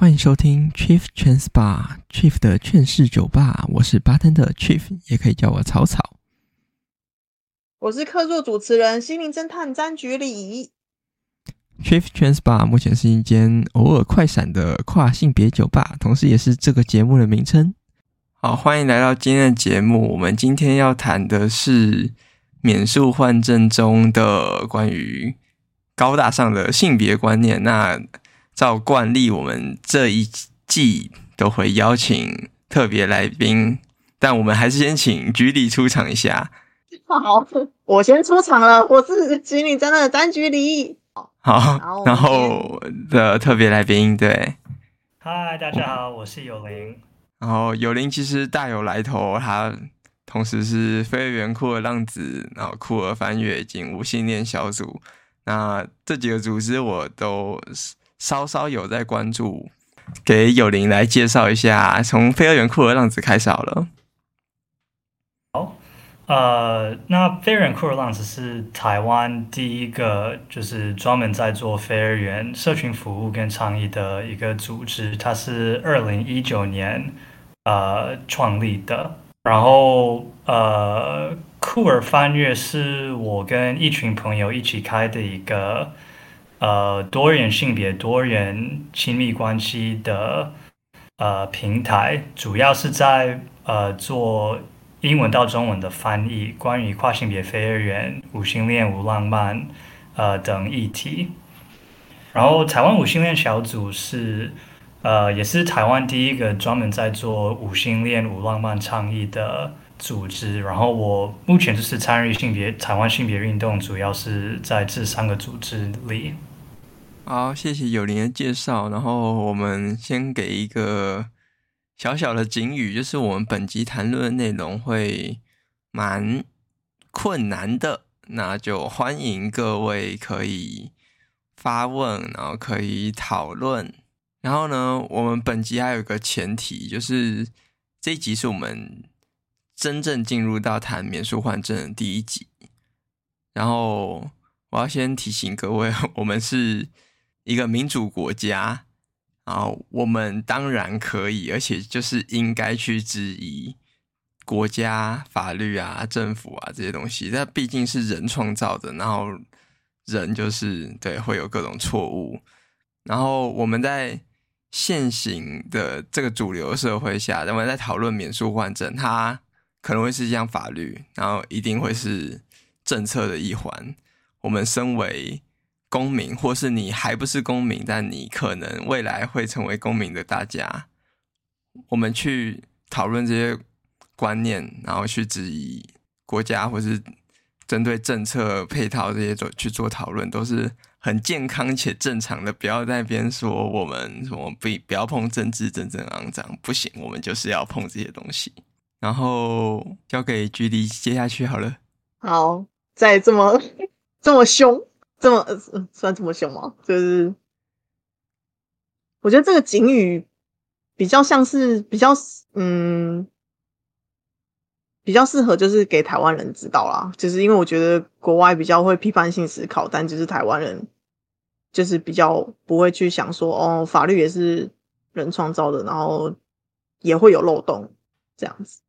歡迎收聽 Chief Trans Bar Chief 的勸世酒吧，我是 Bartender Chief，也可以叫我草草。我是客座主持人，心靈偵探張局禮。Chief Trans Bar 目前是一間偶爾快閃的跨性別酒吧，同時也是這個節目的名稱。好，歡迎來到今天的節目。我們今天要談的是免術換證中的關於高大上的性別觀念。那照慣例，我們這一季都會邀請特別來賓，但我們還是先請局里出場一下。好，我先出場了，我是局里真的單局里。好，好，然後 OK 的特別來賓，對，嗨，大家好，我是有靈。然後有靈其實大有來頭，他同時是非二元酷兒浪子，然後酷兒翻越、無性戀小組，那這幾個組織我都是。稍稍有在關注，給有靈來介紹一下，從非二元酷兒浪子開始好了。好，呃，那非二元酷兒浪子是台灣第一個就是專門在做非二元社群服務跟倡議的一個組織，它是二零一九年呃創立的，然後呃酷兒翻越是我跟一群朋友一起開的一個。呃，多元性別、多元親密關係的呃平台，主要是在呃做英文到中文的翻譯，關於跨性別非人、非二元、無性戀、無浪漫呃等議題。然後，台灣無性戀小組是呃也是台灣第一個專門在做無性戀、無浪漫倡議的組織。然後，我目前就是參與性別台灣性別運動，主要是在這三個組織裡。好，謝謝有靈的介紹。然後我們先給一個小小的警語，就是我們本集談論的內容會蠻困難的，那就歡迎各位可以發問，然後可以討論。然後呢，我們本集還有一個前提，就是這一集是我們真正進入到談免術換證的第一集。然後我要先提醒各位，我們是。一個民主國家，然後我們當然可以，而且就是應該去質疑國家、法律啊、政府啊這些東西。但畢竟是人創造的，然後人就是對會有各種錯誤。然後我們在現行的這個主流社會下，我們在討論免術換證，它可能會是一項法律，然後一定會是政策的一環。我們身為。公民，或是你還不是公民，但你可能未來會成為公民的，大家，我們去討論這些觀念，然後去質疑國家，或是針對政策配套這些做去做討論，都是很健康且正常的。不要在那邊說我們什麼不，不要碰政治，政治骯髒不行。我們就是要碰這些東西。然後交給菊離接下去好了。好，再這麼這麼兇。這麼算這麼凶嗎？就是我覺得這個警語比較像是比較嗯，比較適合就是給台灣人知道啦，就是因為我覺得國外比較會批判性思考，但就是台灣人就是比較不會去想說哦，法律也是人創造的，然後也會有漏洞這樣子。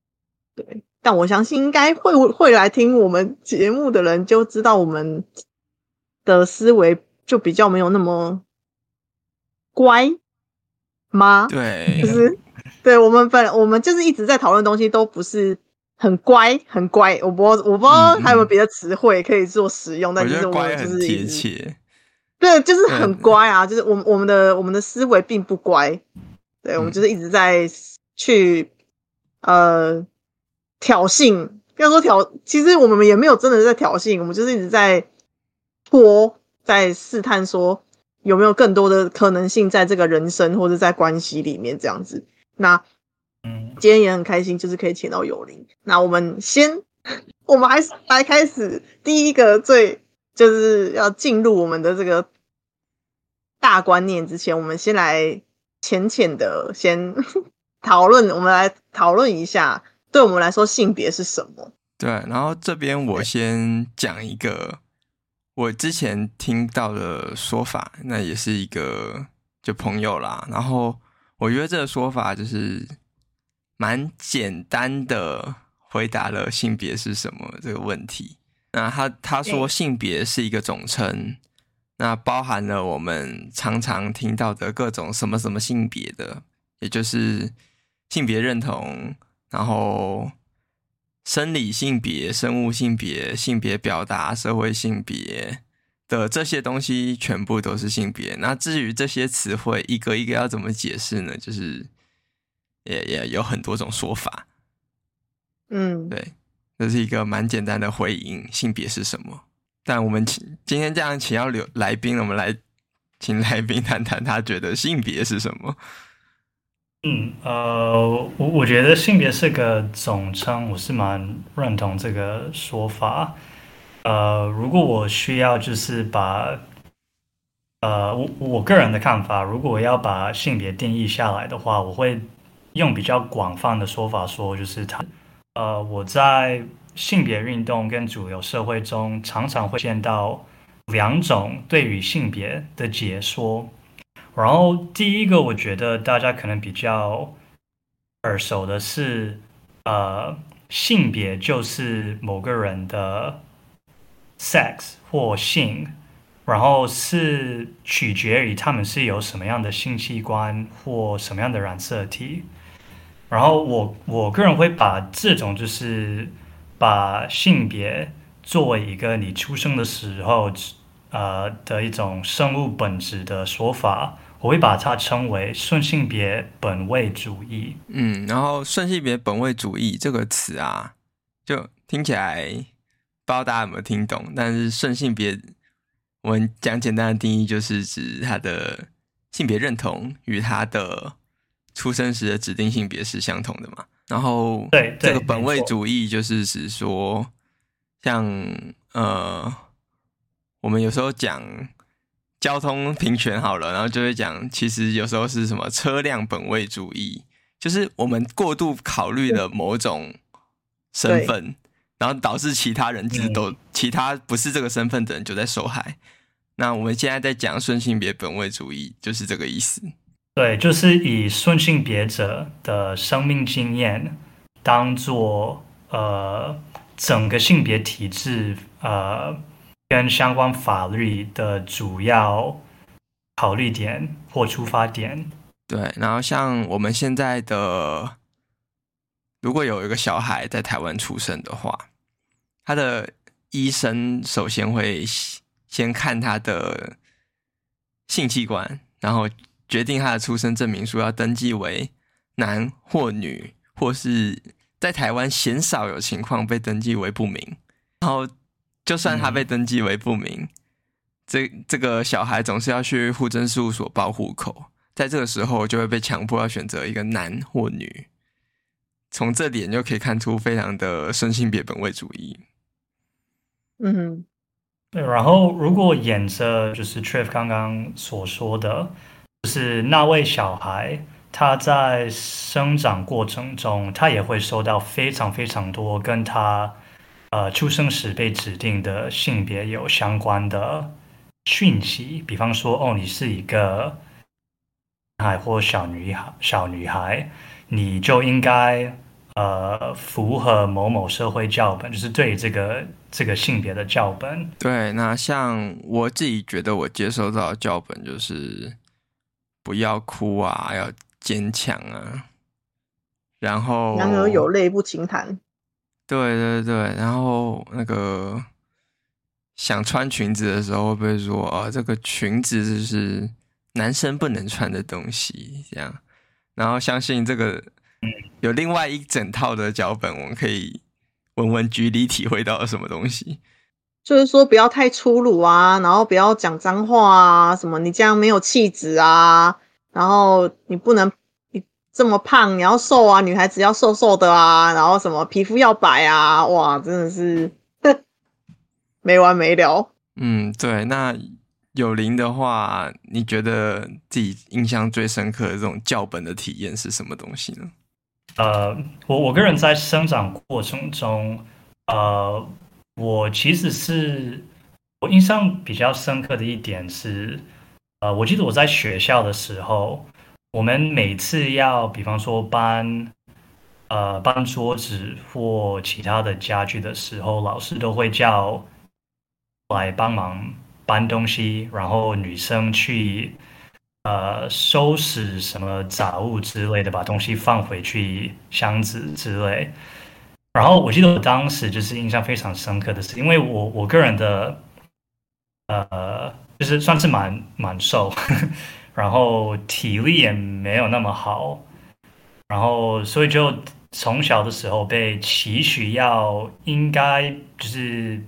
對，但我相信應該會會來聽我們節目的人就知道我們，的思維就比較沒有那麼乖嗎？對，就是對。我們本我們就是一直在討論東西，都不是很乖，很乖。我不知道，我不知道還有沒有別的詞彙可以做使用，嗯、但就是我們就是貼切，提起，對，就是很乖啊。嗯、就是我們我們的我們的思維並不乖，對，我們就是一直在去、嗯、呃挑釁。要說挑，其實我們也沒有真的在挑釁，我們就是一直在拖在試探，說有沒有更多的可能性在這個人生或者在關係裡面這樣子？那嗯，今天也很開心，就是可以請到有靈。那我們先，我們還是來開始第一個最就是要進入我們的這個大觀念之前，我們先來淺淺的先討論，我們來討論一下，對我們來說性別是什麼？對，然後這邊我先講一個。我之前聽到的說法，那也是一個就朋友啦。然後我覺得這個說法就是蠻簡單的回答了性別是什麼這個問題。那他他說性別是一個總稱，對那包含了我們常常聽到的各種什麼什麼性別的，也就是性別認同，然後。生理性別、生物性別、性別表達、社會性別的這些東西，全部都是性別。那至於這些詞彙，一個一個要怎麼解釋呢？就是也、yeah, 也、yeah, 有很多種說法。嗯，對，這是一個蠻簡單的回應：性別是什麼？但我們請今天這樣請要留來賓，我們來請來賓談談他覺得性別是什麼。嗯，呃，我我覺得性別是個總稱，我是蠻認同這個說法。呃，如果我需要就是把，呃，我我個人的看法，如果我要把性別定義下來的話，我會用比較廣泛的說法說，就是它。呃，我在性別運動跟主流社會中，常常會見到兩種對於性別的解說。然後第一個，我覺得大家可能比較耳熟的是，呃，性別就是某個人的 sex 或性，然後是取決於他們是有什麼樣的性器官或什麼樣的染色體。然後我我個人會把這種就是把性別作為一個你出生的時候。呃的一種生物本質的說法，我會把它稱為順性別本位主義。嗯，然後順性別本位主義這個詞啊，就聽起來不知道大家有沒有聽懂。但是順性別，我們講簡單的定義，就是指他的性別認同與他的出生時的指定性別是相同的嘛。然後，這個本位主義，就是指說像，像呃。我們有時候講交通平權好了，然後就會講，其實有時候是什麼車輛本位主義，就是我們過度考慮了某種身份，然後導致其他人知道都其他不是這個身份的人就在受害。嗯、那我們現在在講順性別本位主義，就是這個意思。對，就是以順性別者的生命經驗當做呃整個性別體制呃。跟相關法律的主要考慮點或出發點，對。然後，像我們現在的，如果有一個小孩在台灣出生的話，他的醫生首先會先看他的性器官，然後決定他的出生證明書要登記為男或女，或是在台灣鮮少有情況被登記為不明，然後。就算他被登記為不明，嗯、哼這這個小孩總是要去戶政事務所報戶口，在這個時候就會被強迫要選擇一個男或女。從這點就可以看出非常的順性別本位主義。嗯哼，對。然後，如果沿著就是 Trev 剛剛所說的，就是那位小孩他在生長過程中，他也會收到非常非常多跟他呃，出生時被指定的性別有相關的訊息，比方說，哦，你是一個男孩或小女孩，小女孩，你就應該呃符合某某社會教本，就是對這個這個性別的教本。對，那像我自己覺得，我接受到的教本就是不要哭啊，要堅強啊，然後男兒有淚不輕彈。對對對，然後那個想穿裙子的時候會，會不會說啊，這個裙子就是男生不能穿的東西？這樣，然後相信這個，有另外一整套的腳本，我們可以文文具裡體會到了什麼東西？就是說不要太粗魯啊，然後不要講髒話啊，什麼你這樣沒有氣質啊，然後你不能，這麼胖，你要瘦啊！女孩子要瘦瘦的啊，然後什麼皮膚要白啊，哇，真的是沒完沒了。嗯，對，那有靈的話，你覺得自己印象最深刻的這種教本的體驗是什麼東西呢？呃，我我個人在生長過程中，呃，我其實是我印象比較深刻的一點是，呃，我記得我在學校的時候。我們每次要比方說搬、呃搬桌子或其他的家具的時候，老師都會叫來幫忙搬東西，然後女生去呃收拾什麼雜物之類的，把東西放回去箱子之類。然後我記得我當時就是印象非常深刻的是，因為我我個人的呃，就是算是蠻蠻瘦。 然後體力也沒有那麼好，然後所以就從小的時候被期許要應該就是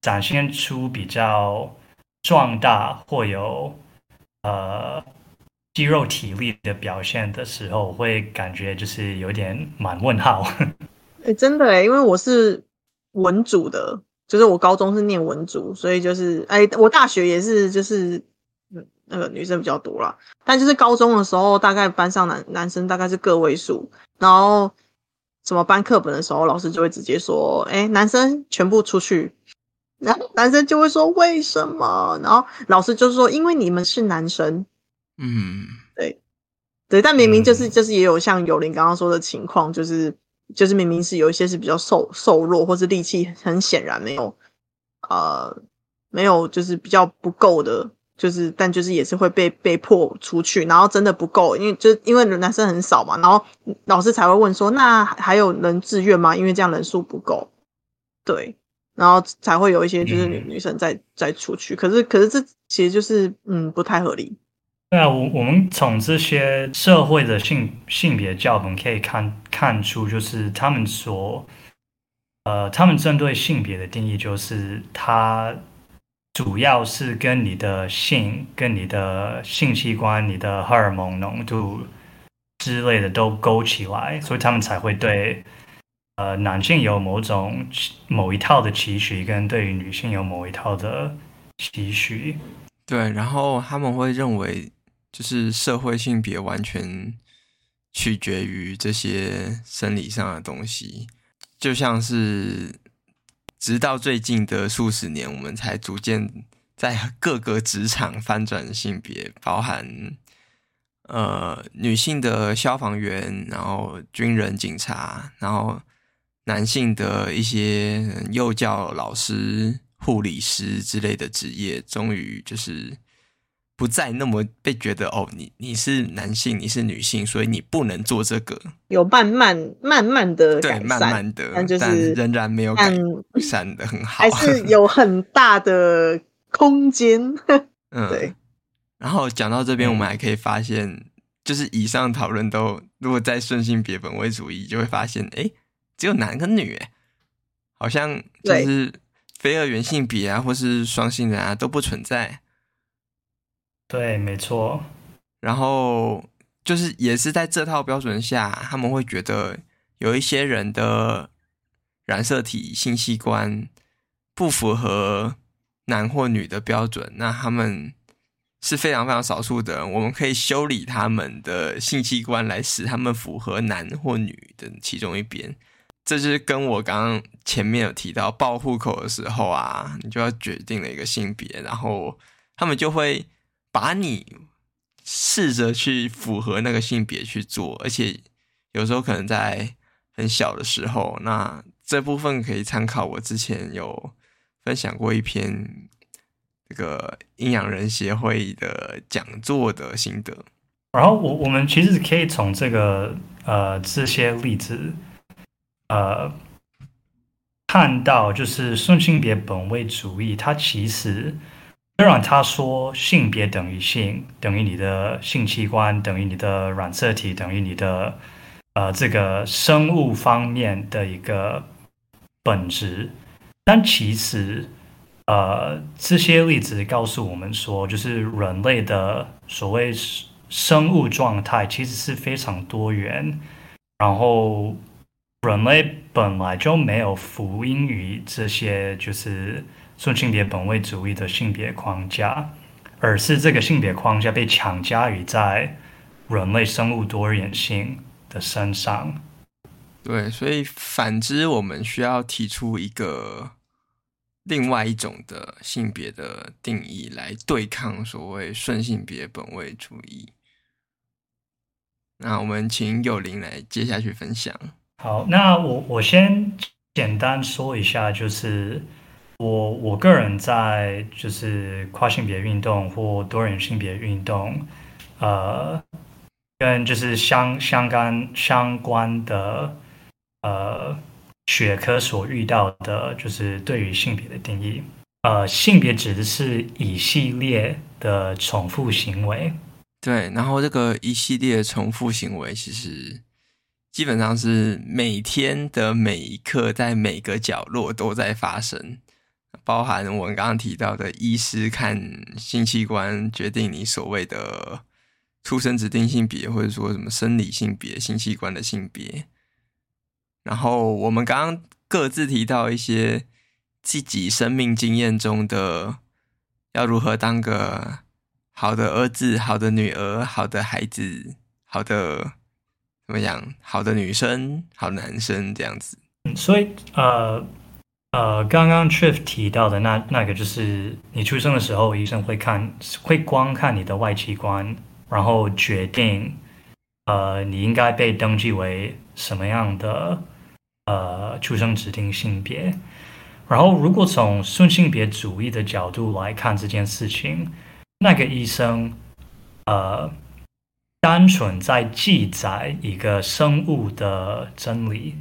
展現出比較壯大或有呃肌肉體力的表現的時候，會感覺就是有點蠻問號誒。真的誒，因為我是文主的，就是我高中是念文組，所以就是哎，我大學也是就是。那個、呃、女生比較多了，但就是高中的時候，大概班上男男生大概是個位數，然後什麼搬課本的時候，老師就會直接說：“哎、欸，男生全部出去。”然後男生就會說：“為什麼？”然後老師就是說：“因為你們是男生。”嗯，對，對，但明明就是就是也有像有靈剛剛說的情況，就是就是明明是有一些是比較瘦瘦弱，或是力氣很顯然沒有，呃，沒有就是比較不夠的。就是，但就是也是會被被迫出去，然後真的不夠，因為就是、因為男生很少嘛，然後老師才會問說：“那還有人自願嗎？”因為這樣人數不夠，對，然後才會有一些就是女、嗯、女生再再出去。可是，可是這其實就是嗯不太合理。對啊，我我們從這些社會的性性別教本可以看看出，就是他們說，呃，他們針對性別的定義就是他。主要是跟你的性、跟你的性器官、你的荷爾蒙濃度之類的都勾起來，所以他們才會對呃男性有某種某一套的期許，跟對於女性有某一套的期許。對，然後他們會認為，就是社會性別完全取決於這些生理上的東西，就像是。直到最近的數十年，我們才逐漸在各個職場翻轉性別，包含呃女性的消防員，然後軍人警察，然後男性的一些幼教老師、護理師之類的職業，終於就是。不再那麼被覺得哦，你你是男性，你是女性，所以你不能做這個。有慢慢慢慢的改善，對，慢慢的，但、就是但仍然沒有改善得很好，還是有很大的空間。 嗯，對。然後講到這邊，我們還可以發現，嗯、就是以上的討論都如果再順性別本位主義，就會發現，哎、欸，只有男跟女，好像就是非二元性別啊，或是雙性人啊，都不存在。對，沒錯。然後就是，也是在這套標準下，他們會覺得有一些人的染色體性器官不符合男或女的標準，那他們是非常非常少數的，我們可以修理他們的性器官，來使他們符合男或女的其中一邊。這就是跟我剛剛前面有提到報戶口的時候啊，你就要決定了一個性別，然後他們就會。把你試着去符合那個性別去做，而且有時候可能在很小的時候，那這部分可以參考我之前有分享過一篇這個陰陽人協會的講座的心得。然後我我們其實可以從這個呃這些例子呃看到，就是順性別本位主義，它其實。雖然他說性別等於性，等於你的性器官，等於你的染色體，等於你的呃這個生物方面的一個本質，但其實呃這些例子告訴我們說，就是人類的所謂生物狀態其實是非常多元，然後人類本來就沒有福音於這些就是。順性別本位主義的性別框架，而是這個性別框架被強加於在人類生物多元性的身上。對，所以反之，我們需要提出一個另外一種的性別的定義來對抗所謂順性別本位主義。那我們請有靈來接下去分享。好，那我我先簡單說一下，就是。我我個人在就是跨性別運動或多元性別運動，呃，跟就是相相干相關的呃學科所遇到的，就是對於性別的定義。呃，性別指的是一系列的重複行為。對，然後這個一系列重複行為，其實基本上是每天的每一刻，在每個角落都在發生。包含我們剛剛提到的，醫師看性器官決定你所謂的出生指定性別，或者說什麼生理性別、性器官的性別。然後我們剛剛各自提到一些自己生命經驗中的，要如何當個好的兒子、好的女兒、好的孩子、好的怎麼樣、好的女生、好的男生這樣子。所以呃。呃，剛剛 Triff 提到的那那個，就是你出生的時候，醫生會看，會觀看你的外器官，然後決定，呃，你應該被登記為什麼樣的呃出生指定性別。然後，如果從順性別主義的角度來看這件事情，那個醫生，呃，單純在記載一個生物的真理。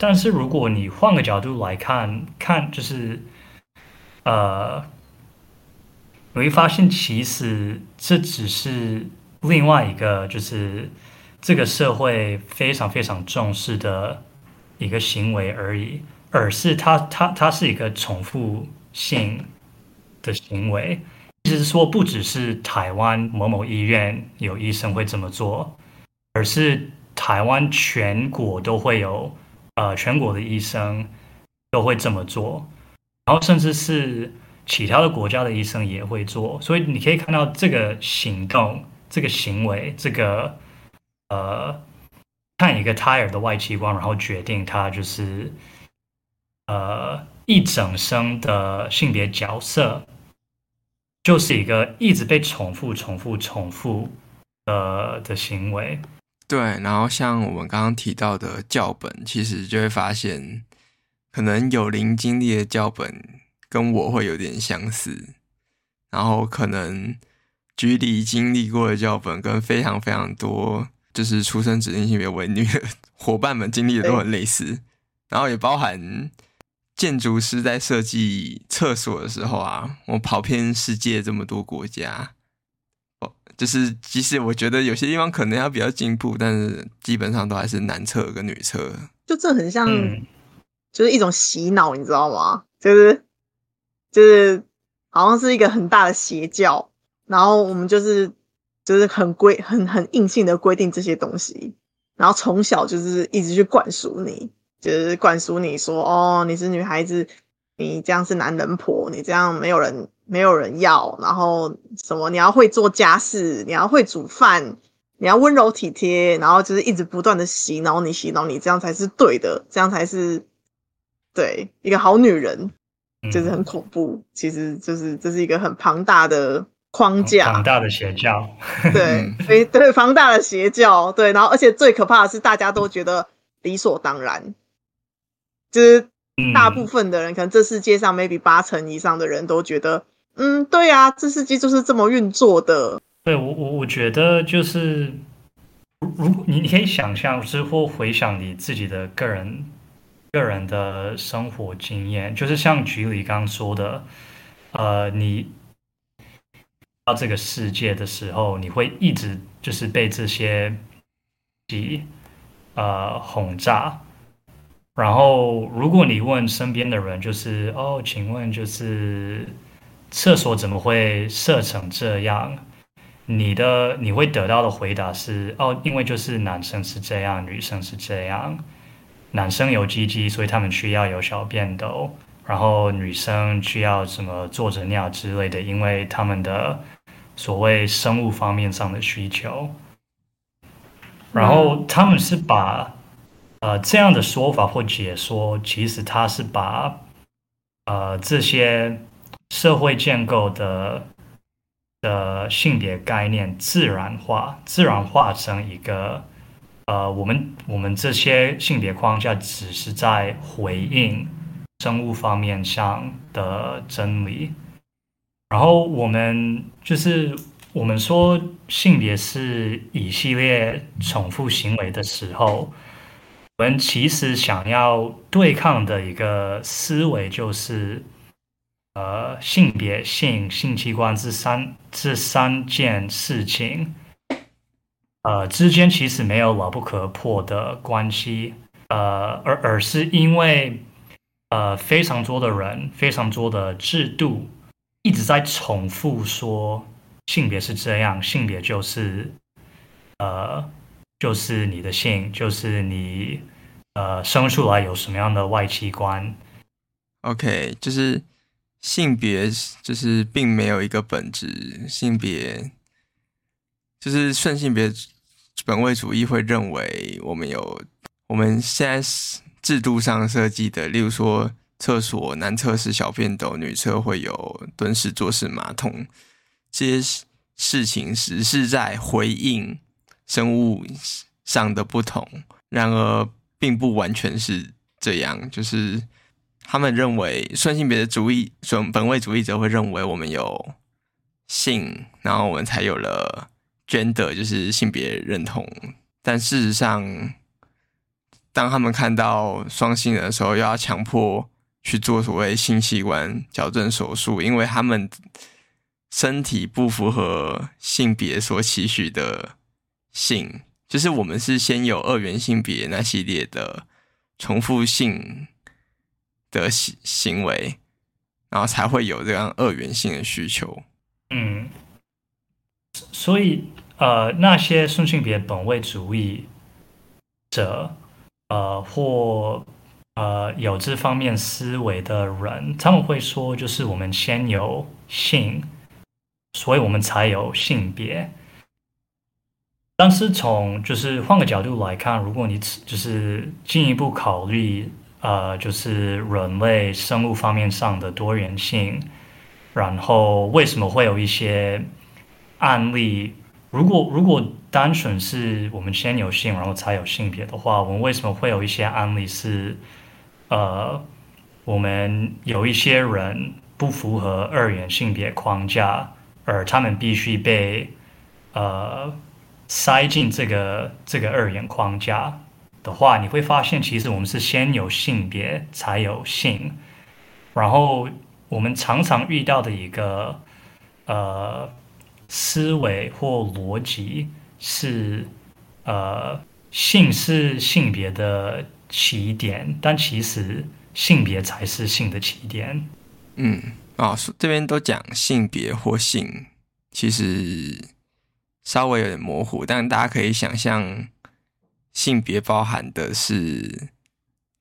但是如果你換個角度來看，看就是，呃，你會發現其實這只是另外一個，就是這個社會非常非常重視的一個行為而已，而是它它它是一個重複性的行為，意思是說，不只是台灣某某醫院有醫生會這麼做，而是台灣全國都會有。呃，全國的醫生都會這麼做，然後甚至是其他的國家的醫生也會做，所以你可以看到這個行動、這個行為、這個呃，看一個胎兒的外器官，然後決定他就是呃一整生的性別角色，就是一個一直被重複、重複、重複呃的行為。對，然後像我們剛剛提到的教本，其實就會發現，可能有靈經歷的教本跟我會有點相似，然後可能局里經歷過的教本跟非常非常多，就是出生指定性別為女的夥伴們經歷的都很類似，對然後也包含建築師在設計廁所的時候啊，我跑遍世界這麼多國家，就是，即使我覺得有些地方可能要比較進步，但是基本上都還是男廁跟女廁。就這很像，嗯、就是一種洗腦，你知道嗎？就是就是，好像是一個很大的邪教，然後我們就是就是很規很很硬性的規定這些東西，然後從小就是一直去灌輸你，就是灌輸你說哦，你是女孩子，你這樣是男人婆，你這樣沒有人。沒有人要，然後什麼，你要會做家事，你要會煮飯，你要溫柔體貼，然後就是一直不斷的洗腦你，洗腦你，這樣才是對的，這樣才是，對，一個好女人，就是很恐怖。嗯、其實，就是這是一個很龐大的框架，龐大的邪教。對， 對，對，龐大的邪教。對，然後而且最可怕的是，大家都覺得理所當然，就是大部分的人，嗯、可能這世界上 maybe 八成以上的人都覺得。嗯，對呀、啊，這世界就是這麼運作的。對我，我我覺得就是，如如果你你可以想象，之後回想你自己的個人、個人的生活經驗，就是像局里剛剛說的，呃，你到這個世界的時候，你會一直就是被這些，呃轟炸，然後如果你問身邊的人，就是哦，請問就是。廁所怎麼會設成這樣？你的你會得到的回答是：哦，因為就是男生是這樣，女生是這樣。男生有雞雞，所以他們需要有小便斗；然後女生需要什麼坐着尿之類的，因為他們的所謂生物方面上的需求。然後他們是把、嗯、呃這樣的說法或解說，其實他是把呃這些。社會建構的的性別概念，自然化，自然化成一個呃，我們我們這些性別框架只是在回應生物方面上的真理。然後我們就是我們說性別是一系列重複行為的時候，我們其實想要對抗的一個思維就是。呃，性別、性、性器官，這三這三件事情，呃，之間其實沒有牢不可破的關係，呃，而而是因為，呃，非常多的人，非常多的制度一直在重複說性別是這樣，性別就是，呃，就是你的性，就是你呃生出來有什麼樣的外器官，OK，就是。性別就是並沒有一個本質性別，就是順性別本位主義會認為我們有我們現在制度上設計的，例如說廁所，男廁是小便斗，女廁會有蹲式、坐式馬桶，這些事情只是在回應生物上的不同，然而並不完全是這樣，就是。他們認為順性別的主義，本本位主義者會認為我們有性，然後我們才有了 gender，就是性別認同。但事實上，當他們看到雙性人的時候，又要強迫去做所謂性器官矯正手術，因為他們身體不符合性別所期許的性，就是我們是先有二元性別那系列的重複性。的行行為，然後才會有這樣二元性的需求。嗯，所以呃，那些順性別本位主義者，呃，或呃有這方面思維的人，他們會說，就是我們先有性，所以我們才有性別。但是從就是換個角度來看，如果你只就是進一步考慮。呃，就是人類生物方面上的多元性，然後為什麼會有一些案例？如果如果單純是我們先有性，然後才有性別的話，我們為什麼會有一些案例是，呃，我們有一些人不符合二元性別框架，而他們必須被呃塞進這個這個二元框架？的話，你會發現，其實我們是先有性別才有性，然後我們常常遇到的一個呃思維或邏輯是，呃，性是性別的起點，但其實性別才是性的起點。嗯，啊、哦，這邊都講性別或性，其實稍微有點模糊，但大家可以想象。性別包含的是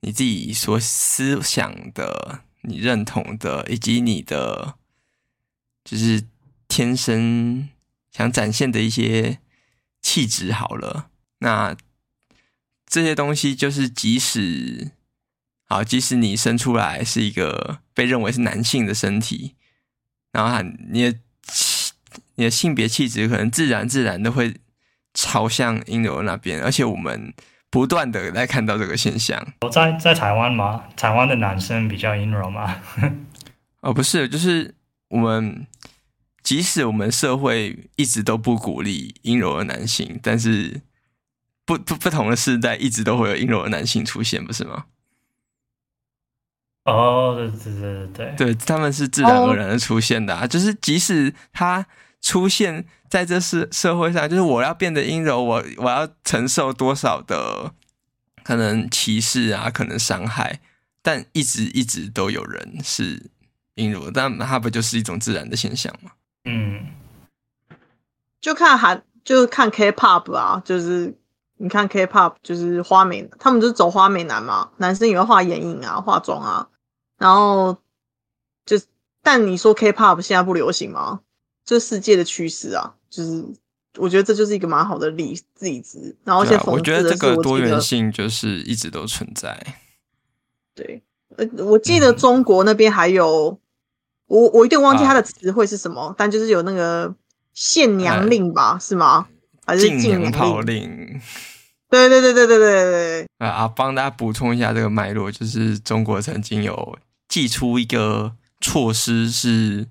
你自己所思想的、你認同的，以及你的就是天生想展現的一些氣質好了。那這些東西就是，即使好，即使你生出來是一個被認為是男性的身體，然後你的你的性別氣質可能自然自然的會。朝向陰柔的那邊，而且我們不斷的在看到這個現象。我在在台灣嗎？台灣的男生比較陰柔嗎？ 哦，不是，就是我們即使我們社會一直都不鼓勵陰柔的男性，但是不不不，不同的時代一直都會有陰柔的男性出現，不是嗎？哦，對對對對對，對，對，對，對他們是自然而然的出現的啊，oh. 就是即使他。出現在這是社，社會上，就是我要變得陰柔，我我要承受多少的可能歧視啊，可能傷害，但一直一直都有人是陰柔，但它不就是一種自然的現象嗎？嗯就，就看韓就是看 K-pop 啊，就是你看 K-pop，就是花美，他們就是走花美男嘛，男生也會畫眼影啊，化妝啊，然後就但你說 K-pop 現在不流行嗎？這世界的趨勢啊，就是我覺得這就是一個蠻好的例例子。然後，先、啊、我覺得這個多元性就是一直都存在。對，呃，我記得中國那邊還有，嗯、我我有點忘記它的詞彙是什麼，啊、但就是有那個限娘令吧，哎、是嗎？還是禁炮令？對 對對對對對對對。啊，幫大家補充一下這個脈絡，就是中國曾經有祭出一個措施是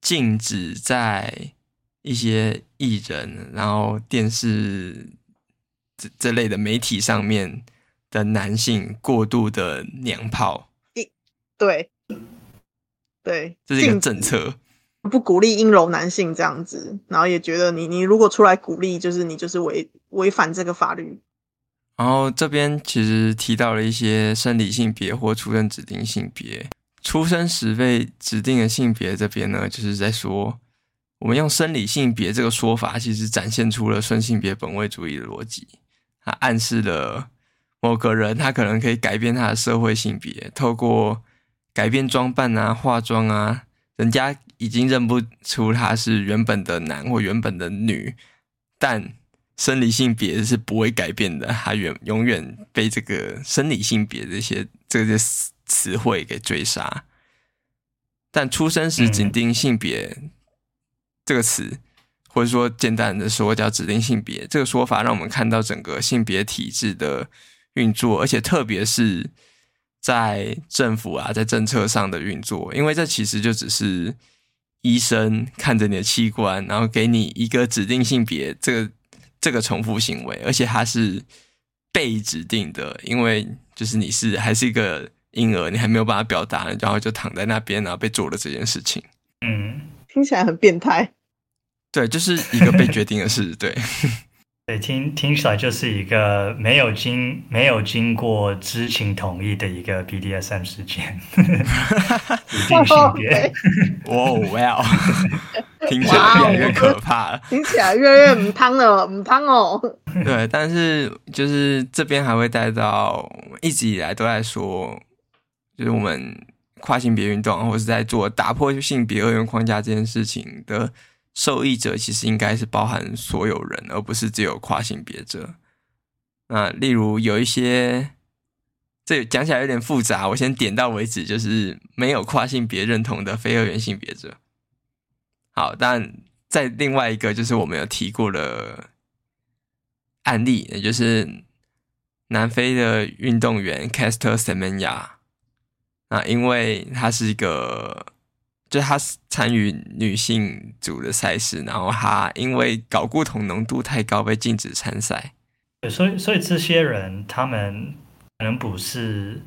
禁止在一些藝人、然後電視這這類的媒體上面的男性過度的娘炮，對對，這是一個政策，不鼓勵陰柔男性這樣子。然後也覺得你你如果出來鼓勵，就是你就是違違反這個法律。然後這邊其實提到了一些生理性別或出生指定性別。出生時被指定的性別這邊呢，就是在說，我們用生理性別這個說法，其實展現出了順性別本位主義的邏輯。它暗示了某個人，他可能可以改變他的社會性別，透過改變裝扮啊、化妝啊，人家已經認不出他是原本的男或原本的女，但生理性別是不會改變的，他永遠被這個生理性別這些，這些、這個、這個詞彙給追殺，但出生時指定性別、嗯、這個詞，或者說簡單的說叫指定性別這個說法，讓我們看到整個性別體制的運作，而且特別是在政府啊，在政策上的運作，因為這其實就只是醫生看着你的器官，然後給你一個指定性別，這個這個重複行為，而且它是被指定的，因為就是你是還是一個。嬰兒，因而你還沒有辦法表達，然後就躺在那邊，然後被做了這件事情。嗯，聽起來很變態。對，就是一個被決定的事。對，對，聽聽起來就是一個沒有經沒有經過知情同意的一個 BDSM 事件。哈哈哈！哈，一定性別。哦、oh, okay. oh,，Well， 聽起來越來越可怕了， 聽起來越越不燙了，不燙哦。對，但是就是這邊還會帶到一直以來都在說。就是我們跨性別運動，或是在做打破性別二元框架這件事情的受益者，其實應該是包含所有人，而不是只有跨性別者。那例如有一些，這講起來有點複雜，我先點到為止。就是沒有跨性別認同的非二元性別者。好，但在另外一個，就是我們有提過的案例，也就是南非的運動員 Caster Semenya。那因為他是一個，就他是參與女性組的賽事，然後他因為睾固酮濃度太高被禁止參賽。對，所以所以這些人他們可能不是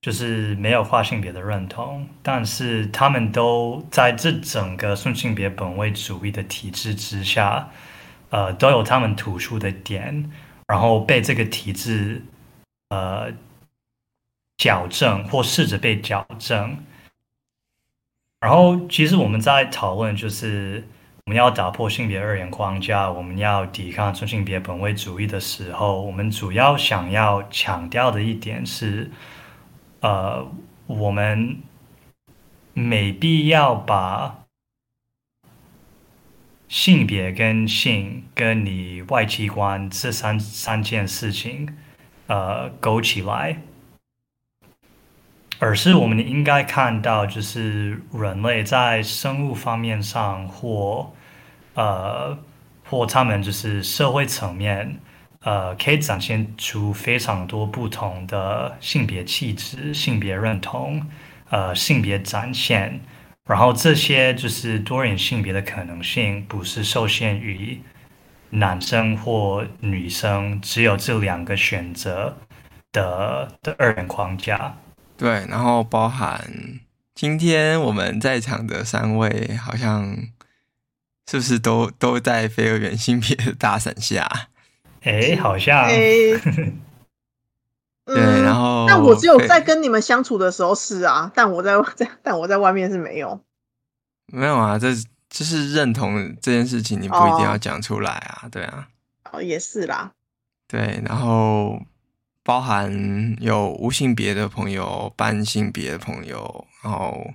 就是沒有跨性別的認同，但是他們都在這整個順性別本位主義的體制之下，呃，都有他們突出的點，然後被這個體制，呃。矯正或試着被矯正，然後其實我們在討論，就是我們要打破性別二元框架，我們要抵抗順性別本位主義的時候，我們主要想要強調的一點是，呃，我們沒必要把性別、跟性、跟你外器官這三三件事情，呃，勾起來。而是我們應該看到，就是人類在生物方面上或，或呃或他們就是社會層面，呃，可以展現出非常多不同的性別氣質、性別認同、呃性別展現。然後這些就是多元性別的可能性，不是受限於男生或女生只有這兩個選擇的的二元框架。對，然後包含今天我們在場的三位，好像是不是都都在非二元性別的大傘下？哎、欸，好像。 嗯、對，然後那我只有在跟你們相處的時候是啊，對但我在在但我在外面是沒有，沒有啊。這這、就是認同這件事情，你不一定要講出來啊，哦、對啊。哦，也是啦。對，然後。包含有無性別的朋友、半性別的朋友，然後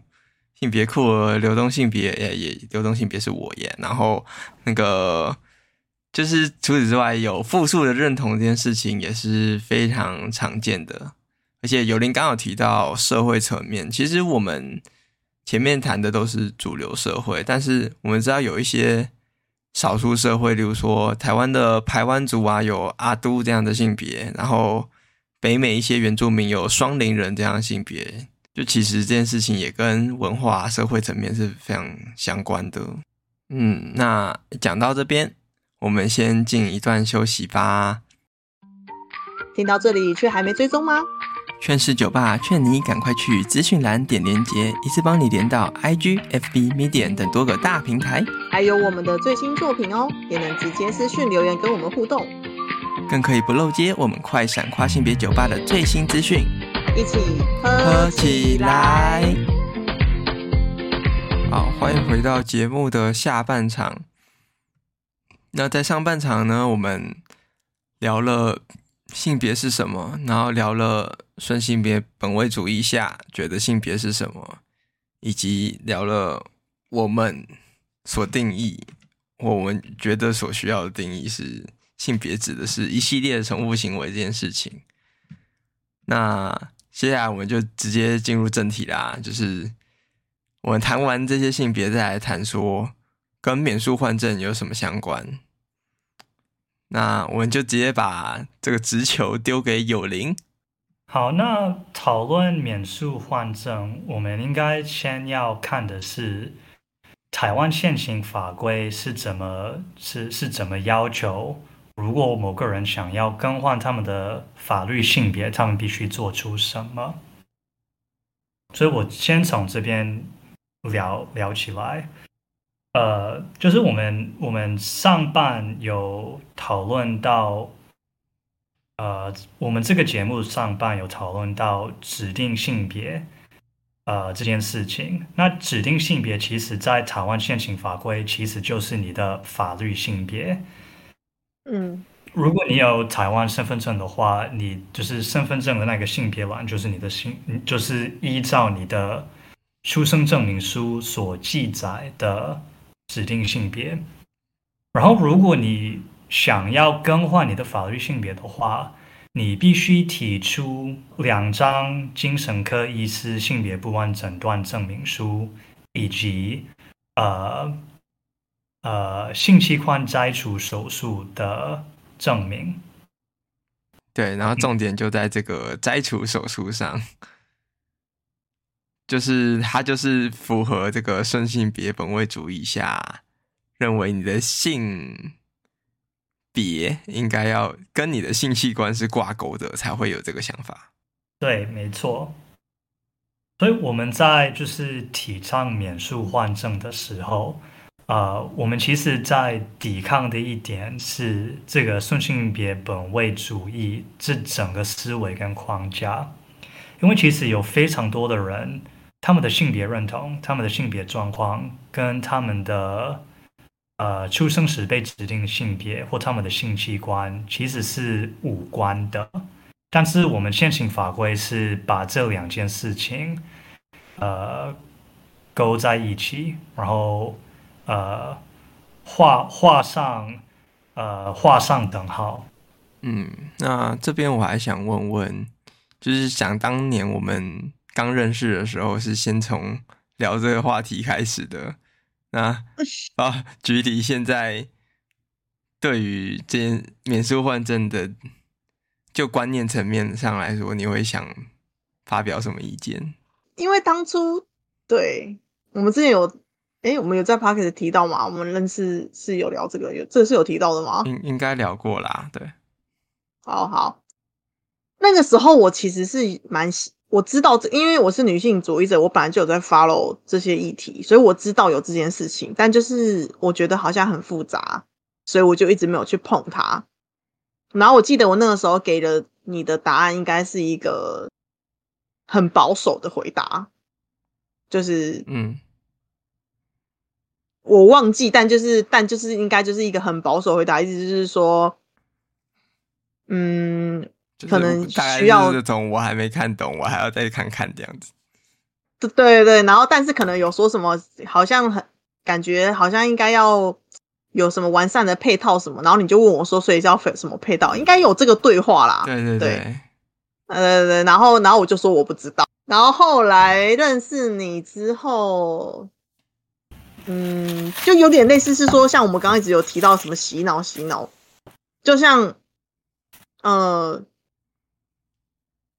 性別酷兒、流動性別，也也流動性別是我耶。然後那個就是除此之外，有複數的認同這件事情也是非常常見的。而且有靈剛有靈剛好提到社會層面，其實我們前面談的都是主流社會，但是我們知道有一些少數社會，例如說台灣的排灣族啊，有阿都這樣的性別，然後。北美一些原住民有雙靈人這樣性別，就其實這件事情也跟文化、社會層面是非常相關的。嗯，那講到這邊，我們先進一段休息吧。聽到這裡卻還沒追蹤嗎？勸世酒吧，勸你趕快去資訊欄點連結，一次幫你連到 IG、FB、Medium 等多個大平台，還有我們的最新作品哦，也能直接私訊留言跟我們互動。更可以不漏接我們快閃跨性別酒吧的最新資訊，一起喝起來。好，歡迎回到節目的下半場。那在上半場呢，我們聊了性別是什麼，然後聊了順性別本位主義下覺得性別是什麼，以及聊了我們所定義，我們覺得所需要的定義是。性別指的是，一系列的重複行為這件事情。那接下來我們就直接進入正題啦，就是我們談完這些性別，再來談說跟免術換證有什麼相關。那我們就直接把這個直球丟給有靈。好，那討論免術換證，我們應該先要看的是台灣現行法規是怎麼是是怎麼要求，如果某個人想要更換他們的法律性別，他們必須做出什麼？所以我先從這邊聊聊起來。呃，就是我們我們上半有討論到，呃，我們這個節目上半有討論到指定性別，呃，這件事情。那指定性別其實，在台灣現行法規，其實就是你的法律性別。嗯，如果你有台灣身份證的話，你就是身份證的那個性別欄，就是你的性，就是依照你的出生證明書所記載的指定性別。然後，如果你想要更換你的法律性別的話，你必須提出兩張精神科醫師性別不安診斷證明書，以及呃。呃，性器官摘除手術的證明。對，然後重點就在這個摘除手術上，就是它就是符合這個順性別本位主義下，認為你的性別應該要跟你的性器官是掛鈎的，才會有這個想法。對，沒錯。所以我們在就是提倡免術換證的時候。呃，uh, 我們其實在抵抗的一點是這個順性別本位主義這整個思維跟框架，因為其實有非常多的人，他們的性別認同、他們的性別狀況跟他們的呃出生時被指定的性別或他們的性器官其實是無關的，但是我們現行法規是把這兩件事情呃勾在一起，然後。呃，畫畫上，呃，畫上等號。嗯，那這邊我還想問問，就是想當年我們剛認識的時候，是先從聊這個話題開始的。那噓噓啊，距離現在對於這免術換證的，就觀念層面上來說，你會想發表什麼意見？因為當初，對我們之前有。哎、欸，我們有在 podcast 提到嗎？我們認識是有聊這個，有這是有提到的嗎？應應該聊過啦，對。好好，那個時候我其實是蠻，我知道這，因為我是女性主義者，我本來就有在 follow 這些議題，所以我知道有這件事情，但就是我覺得好像很複雜，所以我就一直沒有去碰它。然後我記得我那個時候給了你的答案應該是一個很保守的回答，就是嗯。我忘記，但就是但就是應該就是一個很保守回答，意思就是說，嗯，可能需要。就是大概就是這種，我還沒看懂，我還要再看看這樣子。對對對，然後但是可能有說什麼，好像很感覺好像應該要有什麼完善的配套什麼，然後你就問我說，所以叫什麼配套，應該有這個對話啦。對對對，呃對，對，對，然後然後我就說我不知道，然後後來認識你之後。嗯，就有點類似是說，像我們剛剛一直有提到什麼洗腦、洗腦，就像，呃，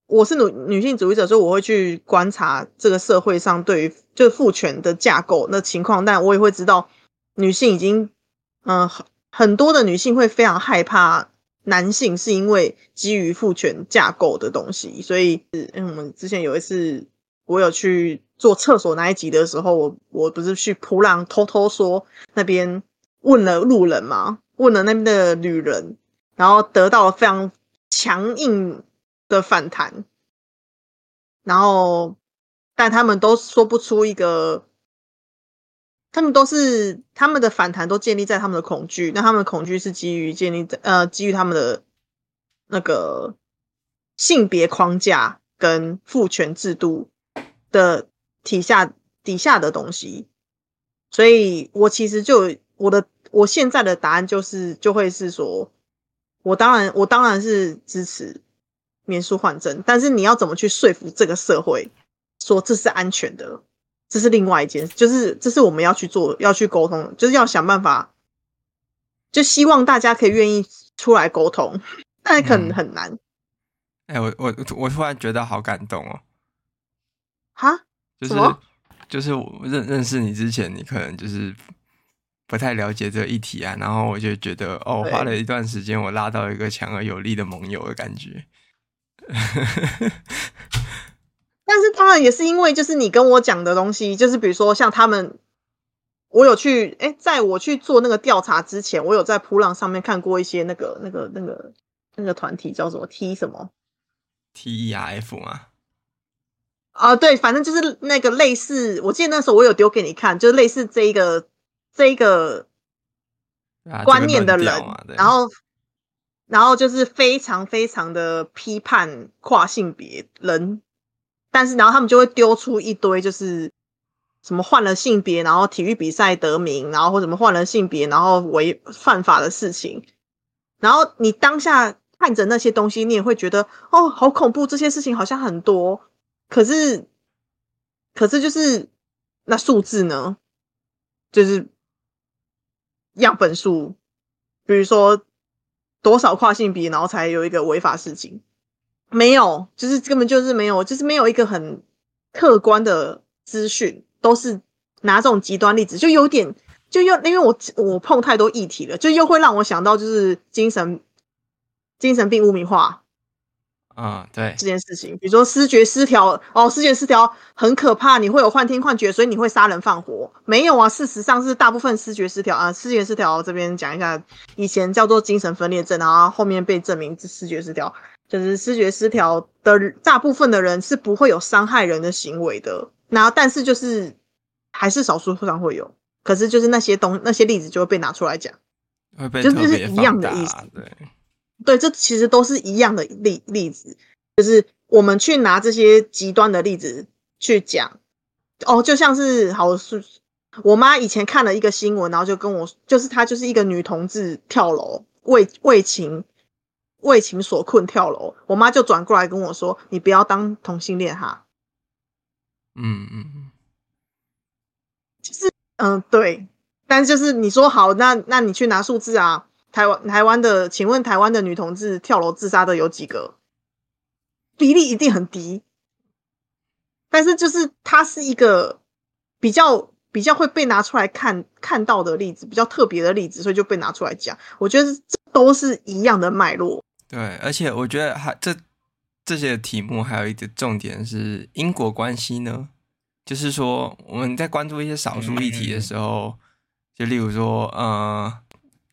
我是女女性主義者，所以我會去觀察這個社會上對於就父權的架構那情況，但我也會知道女性已經，嗯、呃，很多的女性會非常害怕男性，是因為基於父權架構的東西，所以，嗯，我們之前有一次，我有去。做廁所那一集的時候，我我不是去普朗偷偷說那邊問了路人嘛？問了那邊的女人，然後得到了非常強硬的反彈。然後，但他們都說不出一個，他們都是他們的反彈都建立在他們的恐懼，那他們的恐懼是基於建立在呃基於他們的那個性別框架跟父權制度的。底下底下的東西，所以我其實就我的我現在的答案就是就會是說，我當然我當然是支持免術換證，但是你要怎麼去說服這個社會說這是安全的，這是另外一件事，就是這是我們要去做要去溝通，就是要想辦法，就希望大家可以願意出來溝通，但是可能很難。哎、嗯欸，我我我突然覺得好感動哦，哈。就是，麼就是我認認識你之前，你可能就是不太了解這個議題啊。然後我就覺得，哦，對花了一段時間，我拉到一個強而有力的盟友的感覺。 但是當然也是因為，就是你跟我講的東西，就是比如說像他們，我有去哎、欸，在我去做那個調查之前，我有在噗浪上面看過一些那個那個那個那個團體叫做 T 什麼 T E R F 嗎？哦、呃，對，反正就是那個類似，我記得那時候我有丟給你看，就是類似這一個這一個觀念的人，啊、然後然後就是非常非常的批判跨性別人，但是然後他們就會丟出一堆就是什麼換了性別，然後體育比賽得名，然後或者什麼換了性別，然後違犯法的事情，然後你當下看着那些東西，你也會覺得哦，好恐怖，這些事情好像很多。可是，可是就是那數字呢？就是樣本數，比如說多少跨性別，然後才有一個違法事情？沒有，就是根本就是沒有，就是沒有一個很客觀的資訊，都是拿這種極端例子，就有點就又因為我我碰太多議題了，就又會讓我想到就是精神精神病污名化。啊、嗯，對這件事情，比如說思覺失調，哦，思覺失調很可怕，你會有幻聽幻覺，所以你會殺人放火。沒有啊，事實上是大部分思覺失調啊，呃、思覺失調這邊講一下，以前叫做精神分裂症，然後後面被證明是思覺失調，就是思覺失調的大部分的人是不會有傷害人的行為的。然後但是就是還是少數非常會有，可是就是那些東那些例子就會被拿出來講，啊、就是一樣的意思，對。對，這其實都是一樣的例例子，就是我們去拿這些極端的例子去講哦，就像是好是，我媽以前看了一個新聞，然後就跟我，就是她就是一個女同志跳樓為為情為情所困跳樓，我媽就轉過來跟我說：“你不要當同性戀哈。”嗯，就是嗯嗯嗯，就是嗯，對，但是就是你說好，那那你去拿數字啊。台灣台灣的，請問台灣的女同志跳樓自殺的有幾個？比例一定很低，但是就是它是一個比較比較會被拿出來看看到的例子，比較特別的例子，所以就被拿出來講。我覺得這都是一樣的脈絡。對，而且我覺得還這這些題目還有一個重點是因果關係呢，就是說我們在關注一些少數議題的時候，就例如說，嗯、呃。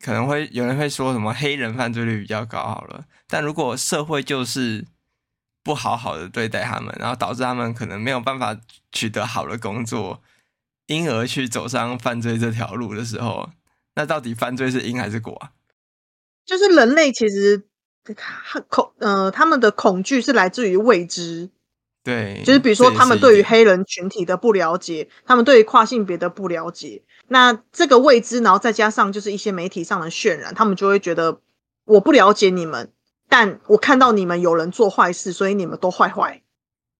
可能會有人會說什麼黑人犯罪率比較高好了，但如果社會就是不好好的對待他們，然後導致他們可能沒有辦法取得好的工作，因而去走上犯罪這條路的時候，那到底犯罪是因還是果啊？就是人類其實恐呃他們的恐懼是來自於未知，對，就是比如說他們對於黑人群體的不了解，他們對於跨性別的不了解。那這個未知，然後再加上就是一些媒體上的渲染，他們就會覺得我不了解你們，但我看到你們有人做壞事，所以你們都壞壞。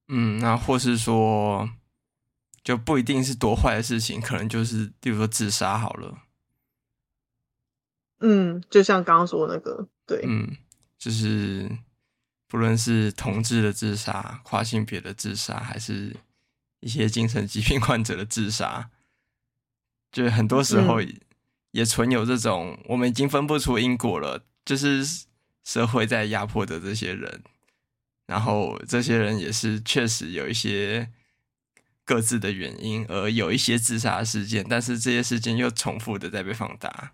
嗯，那或是說就不一定是多壞的事情，可能就是比如說自殺好了。嗯，就像剛剛說的那個，對，嗯，就是不論是同志的自殺、跨性別的自殺，還是一些精神疾病患者的自殺。就很多時候也存有這種，嗯、我們已經分不出因果了。就是社會在壓迫著這些人，然後這些人也是確實有一些各自的原因，而有一些自殺事件。但是這些事件又重複的在被放大。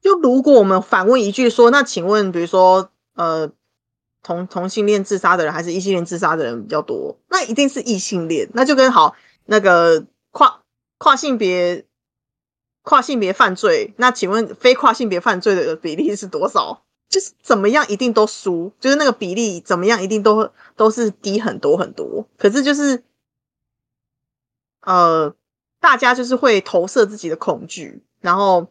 就如果我們反問一句說，那請問，比如說，呃，同同性戀自殺的人還是異性戀自殺的人比較多？那一定是異性戀。那就跟好那個跨跨性別。跨性別犯罪，那請問非跨性別犯罪的比例是多少？就是怎麼樣一定都輸，就是那個比例怎麼樣一定都都是低很多很多。可是就是，呃，大家就是會投射自己的恐懼，然後，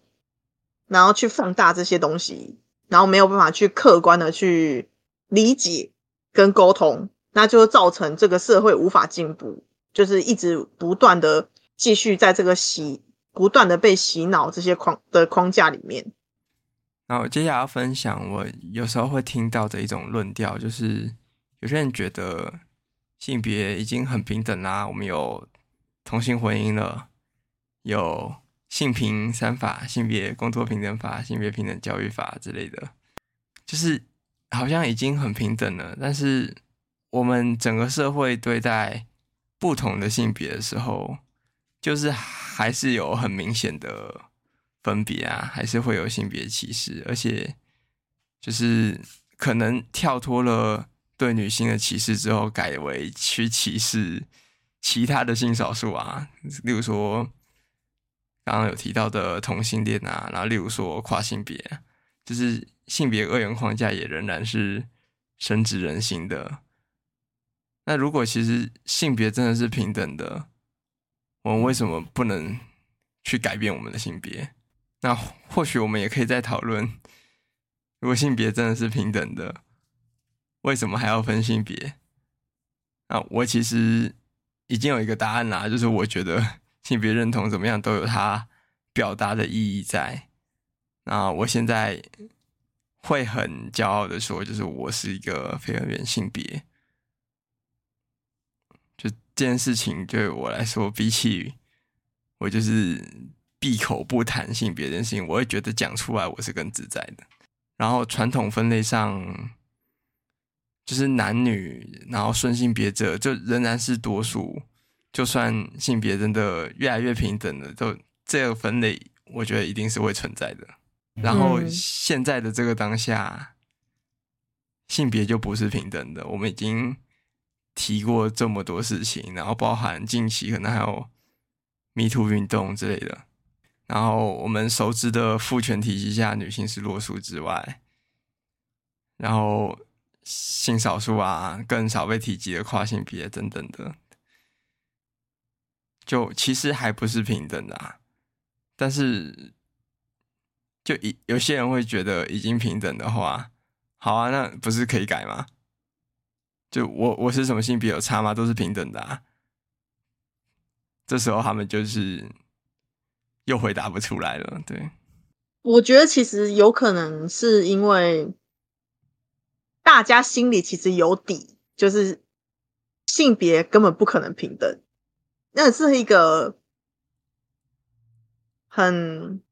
然後去放大這些東西，然後沒有辦法去客觀的去理解跟溝通，那就造成這個社會無法進步，就是一直不斷的繼續在這個洗。不斷的被洗腦，這些框的框架裡面。那我接下來要分享，我有時候會聽到的一種論調，就是有些人覺得性別已經很平等啦，啊，我們有同性婚姻了，有性平三法、性別工作平等法、性別平等教育法之類的，就是好像已經很平等了。但是我們整個社會對待不同的性別的時候。就是還是有很明顯的分別啊，還是會有性別歧視，而且就是可能跳脫了對女性的歧視之後，改為去歧視其他的性少數啊，例如說剛剛有提到的同性戀啊，然後例如說跨性別，就是性別二元框架也仍然是深植人心的。那如果其實性別真的是平等的，我們為什麼不能去改變我們的性別？那或許我們也可以再討論，如果性別真的是平等的，為什麼還要分性別？啊，我其實已經有一個答案啦，就是我覺得性別認同怎麼樣都有它表達的意義在。那我現在會很驕傲的說，就是我是一個非二元性別。這件事情對我來說，比起我就是閉口不談性別的這件事情，我會覺得講出來我是更自在的。然後傳統分類上，就是男女，然後順性別者就仍然是多數。就算性別真的越來越平等了，就這個分類我覺得一定是會存在的。嗯、然後現在的這個當下，性別就不是平等的，我們已經提過這麼多事情，然後包含近期可能還有 MeToo 運動之類的，然後我們熟知的父權體系下女性是弱勢之外，然後性少數啊，更少被提及的跨性別等等的，就其實還不是平等的啊，但是就有有些人會覺得已經平等的話，好啊，那不是可以改嗎？就我，我是什麼性別有差嗎？都是平等的啊。這時候他們就是又回答不出來了。對，我覺得其實有可能是因為大家心裡其實有底，就是性別根本不可能平等，那是一個很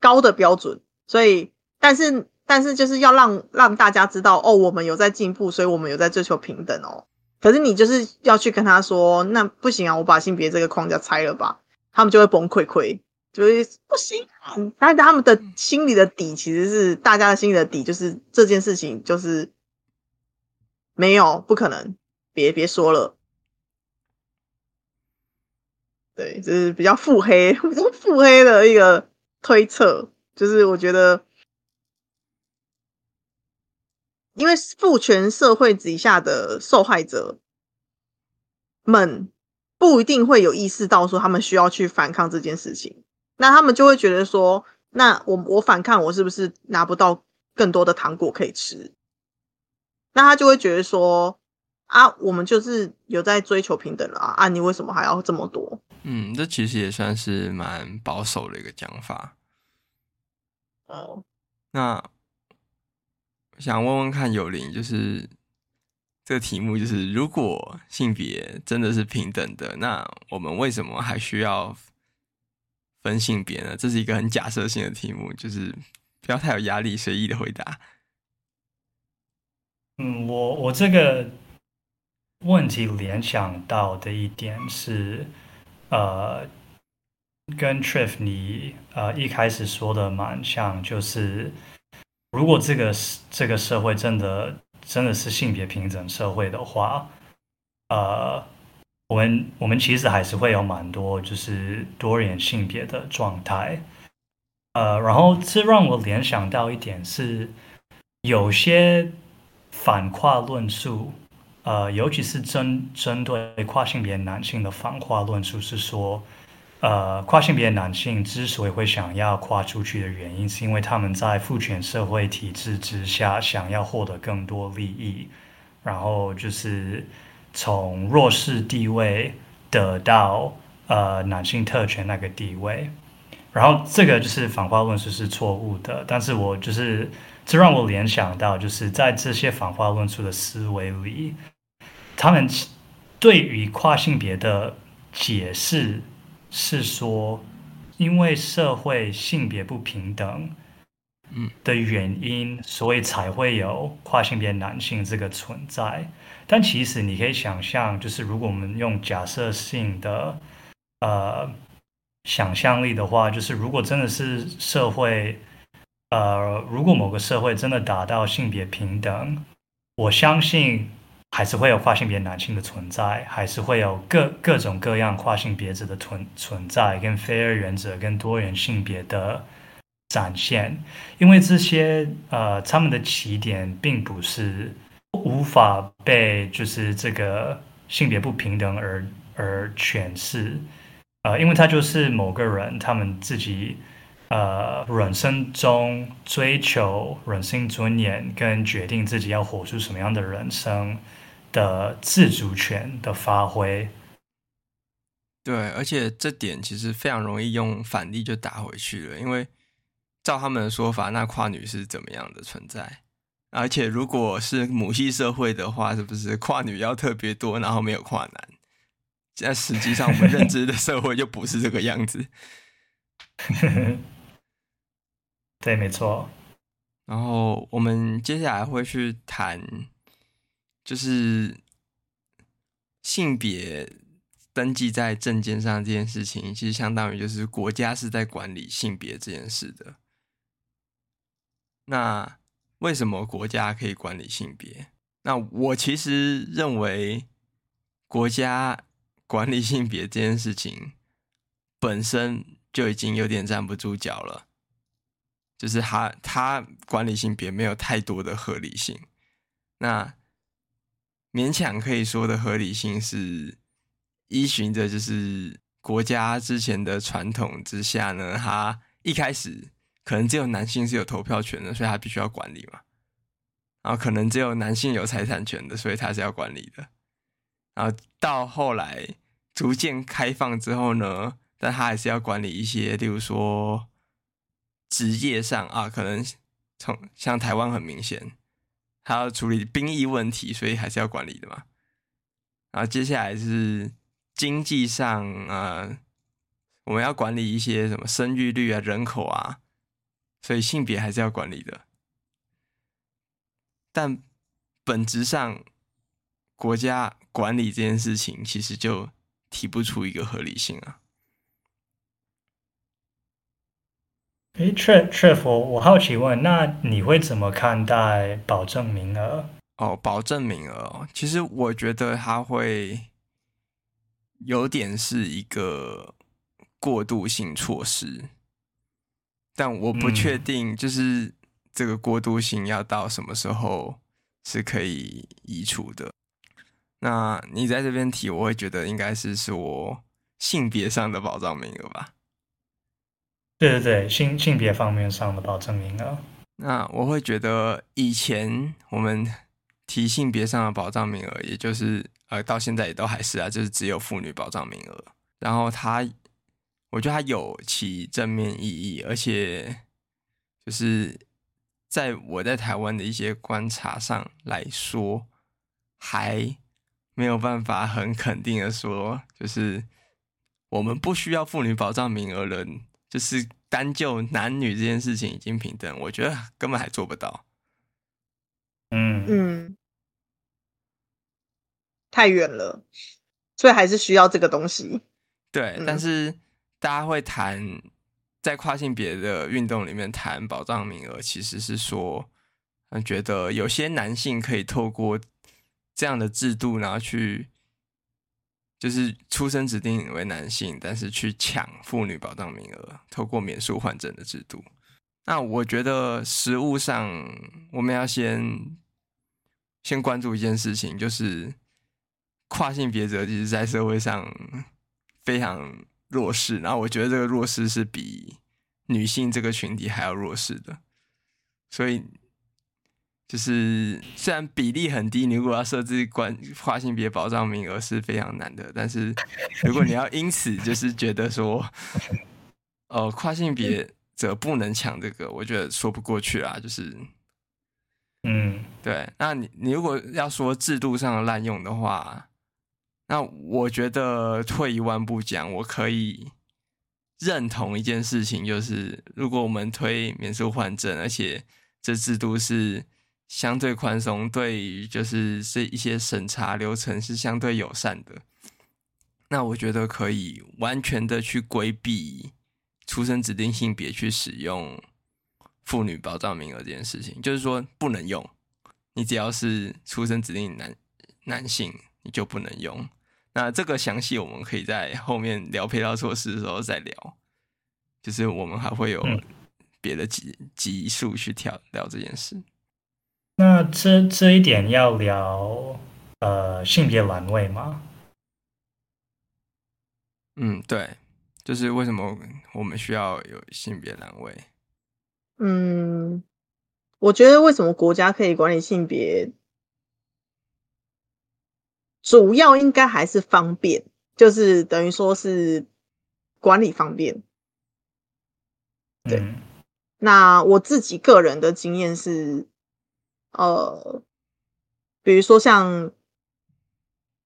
高的標準。所以，但是。但是就是要讓讓大家知道哦，我們有在進步，所以我們有在追求平等哦。可是你就是要去跟他說，那不行啊，我把性別這個框架拆了吧，他們就會崩潰潰，就會、是、不行、啊。但是他們的心裡的底其實是大家的心裡的底，就是這件事情就是沒有不可能，別別說了。對，就是比較腹黑，腹 黑的一個推測，就是我覺得。因為父權社會底下的受害者們不一定會有意識到說他們需要去反抗這件事情，那他們就會覺得說，那我我反抗，我是不是拿不到更多的糖果可以吃？那他就會覺得說，啊，我們就是有在追求平等了啊，啊你為什麼還要這麼多？嗯，這其實也算是蠻保守的一個講法。哦，oh. 那。想問問看，有靈，就是這個題目，就是如果性別真的是平等的，那我們為什麼還需要分性別呢？這是一個很假設性的題目，就是不要太有壓力，隨意的回答。嗯，我我這個問題聯想到的一點是，呃，跟 Triff y 呃一開始說的蠻像，就是。如果這個社這個社會真的真的是性別平等社會的話，呃，我們我們其實還是會有蠻多就是多元性別的狀態，呃，然後這讓我聯想到一點是，有些反跨論述，呃，尤其是針針對跨性別男性的反跨論述是說，呃，跨性別的男性之所以會想要跨出去的原因，是因為他們在父權社會體制之下，想要獲得更多利益，然後就是從弱勢地位得到呃男性特權那個地位。然後這個就是反話論述是錯誤的。但是我就是這讓我聯想到，就是在這些反話論述的思維裡，他們對於跨性別的解釋。是說，因為社會性別不平等，嗯的原因，所以才會有跨性別男性這個存在。但其實你可以想象，就是如果我們用假設性的呃想象力的話，就是如果真的是社會，呃，如果某個社會真的達到性別平等，我相信。還是會有跨性別男性的存在，還是會有各、各種各樣跨性別者的存存在、跟非二元的、跟多元性別的展現，因為這些呃，他們的起點並不是無法被就是這個性別不平等而而詮釋，呃，因為他就是某個人，他們自己呃，人生中追求人性尊嚴跟決定自己要活出什麼樣的人生的自主權的發揮，對，而且這點其實非常容易用反例就打回去了。因為照他們的說法，那跨女是怎麼樣的存在？而且如果是母系社會的話，是不是跨女要特別多，然後沒有跨男？但實際上我們認知的社會 就不是這個樣子。 對，沒錯。然後我們接下來會去談。就是性別登記在證件上這件事情，其實相當於就是國家是在管理性別這件事的。那為什麼國家可以管理性別？那我其實認為，國家管理性別這件事情本身就已經有點站不住腳了。就是他他管理性別沒有太多的合理性。那勉強可以說的合理性是，依循着就是國家之前的傳統之下呢，他一開始可能只有男性是有投票權的，所以他必須要管理嘛。然後可能只有男性有財產權的，所以他是要管理的。然後到後來逐漸開放之後呢，但他還是要管理一些，例如說職業上啊，可能從像台灣很明顯。還要處理兵役問題，所以還是要管理的嘛。然後接下來，是經濟上，呃，我們要管理一些什麼生育率啊、人口啊，所以性別還是要管理的。但本質上，國家管理這件事情其實就提不出一個合理性啊。誒確確，確佛，我好奇問，那你會怎麼看待保證名額？哦，保證名額，哦，其實我覺得他會有點是一個過渡性措施，但我不確定，就是這個過渡性要到什麼時候是可以移除的。嗯、那你在這邊提，我會覺得應該是說性別上的保障名額吧。對對對，性性別方面上的保障名額。那我會覺得以前我們提性別上的保障名額，也就是呃，到現在也都還是啊，就是只有婦女保障名額。然後他，我覺得他有其正面意義，而且就是在我在台灣的一些觀察上來說，還沒有辦法很肯定的說，就是我們不需要婦女保障名額的人。就是單就男女這件事情已經平等，我覺得根本還做不到。嗯嗯，太遠了，所以還是需要這個東西。對，嗯、但是大家會談在跨性別的運動裡面談保障名額，其實是說，嗯，覺得有些男性可以透過這樣的制度，然後去。就是出生指定為男性，但是去搶婦女保障名額，透過免術換證的制度。那我覺得實務上，我們要先先關注一件事情，就是跨性別者其實，在社會上非常弱勢。然後我覺得這個弱勢是比女性這個群體還要弱勢的，所以。就是雖然比例很低，你如果要設置關跨性別保障名額是非常難的，但是如果你要因此就是覺得說，呃，跨性別者不能搶這個，我覺得說不過去啦，就是，嗯，對。那你你如果要說制度上濫用的話，那我覺得退一萬步講，我可以認同一件事情，就是如果我們推免術換證，而且這制度是。相對寬鬆，對於就是這一些審查流程是相對友善的。那我覺得可以完全的去規避出生指定性別去使用婦女保障名額這件事情，就是說不能用。你只要是出生指定男男性，你就不能用。那這個詳細我們可以在後面聊配套措施的時候再聊，就是我們還會有別的集集數去調，聊這件事。那這這一點要聊，呃，性別欄位嗎？嗯，對，就是為什麼我們需要有性別欄位？嗯，我覺得為什麼國家可以管理性別，主要應該還是方便，就是等於說是管理方便。嗯、對。那我自己個人的經驗是。呃，比如說像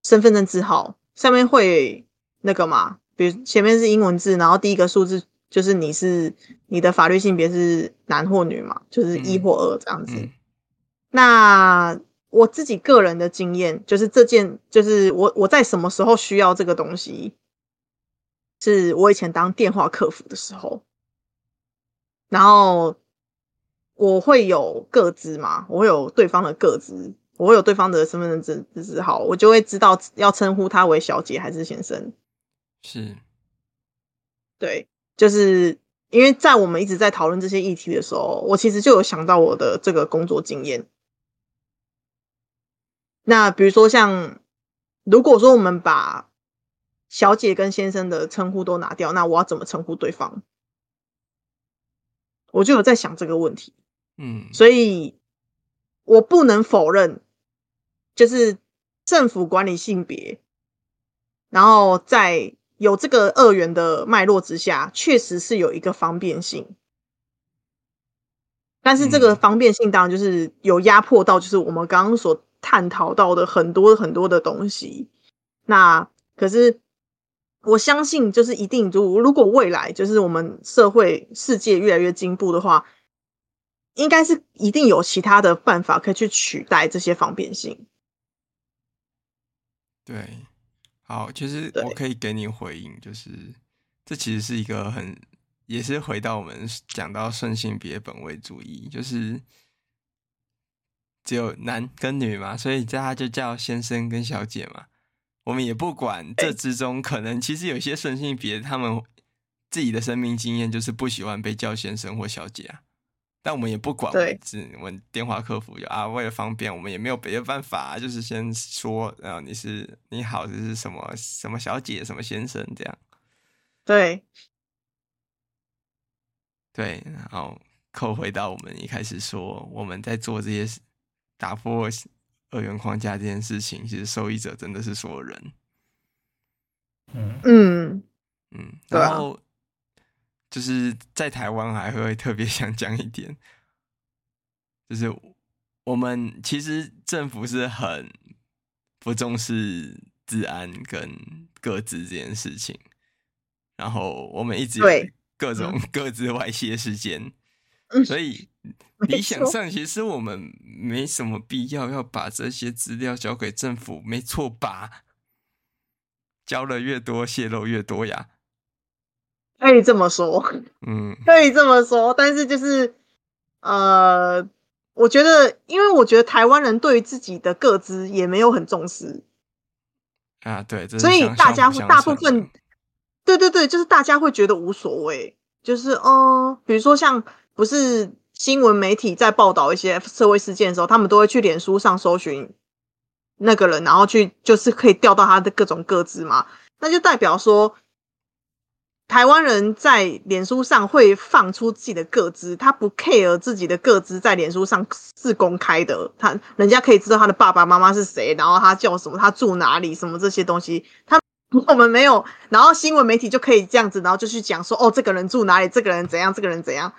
身份證字號上面會那個嘛，比如前面是英文字，然後第一個數字就是你是你的法律性別是男或女嘛，就是一或二這樣子。嗯嗯，那我自己個人的經驗就是這件就是我我在什麼時候需要這個東西，是我以前當電話客服的時候，然後。我會有個資嘛，我會有對方的個資，我會有對方的身份證字號，好，我就會知道要稱呼他為小姐還是先生。是，對，就是因為在我們一直在討論這些議題的時候，我其實就有想到我的這個工作經驗。那比如說像，像如果說我們把小姐跟先生的稱呼都拿掉，那我要怎麼稱呼對方？我就有在想這個問題。嗯，所以我不能否認，就是政府管理性別，然後在有這個二元的脈絡之下，確實是有一個方便性。但是這個方便性當然就是有壓迫到，就是我們剛剛所探討到的很多很多的東西。那可是我相信，就是一定就如果未來，就是我們社會世界越來越進步的話，應該是一定有其他的辦法可以去取代這些方便性。對，好，其實我可以給你回應，就是對這其實是一個很也是回到我們講到順性別本位主義，就是只有男跟女嘛，所以大他就叫先生跟小姐嘛，我們也不管這之中，欸、可能其實有些順性別他們自己的生命經驗就是不喜歡被叫先生或小姐啊。但我們也不管，只問我們電話客服有啊。為了方便，我們也沒有別的辦法，啊，就是先說，呃，你是你好，這是什麼什麼小姐，什麼先生這樣。對。對，然後扣回到我們一開始說，我們在做這些打破二元框架這件事情，其實受益者真的是所有人。嗯嗯嗯，然後。就是在台灣還會特別想講一點，就是我們其實政府是很不重視治安跟個資這件事情，然後我們一直有各種個資外洩事件。所以理想上其實我們沒什麼必要要把這些資料交給政府，沒錯吧？交了越多，泄露越多呀。可以這麼說，嗯，可以這麼說，但是就是，呃，我覺得，因為我覺得台灣人對於自己的個資也沒有很重視，啊，對，這是所以大家會大部分，對對對，就是大家會覺得無所謂，就是哦、呃，比如說像不是新聞媒體在報道一些社會事件的時候，他們都會去臉書上搜尋那個人，然後去，就是可以調到他的各種個資嘛，那就代表說，台灣人在臉書上會放出自己的個資，他不 care 自己的個資在臉書上是公開的，他人家可以知道他的爸爸媽媽是誰，然後他叫什麼，他住哪裡，什麼這些東西。他我們沒有，然後新聞媒體就可以這樣子，然後就去講說，哦，這個人住哪裡，這個人怎樣，這個人怎樣，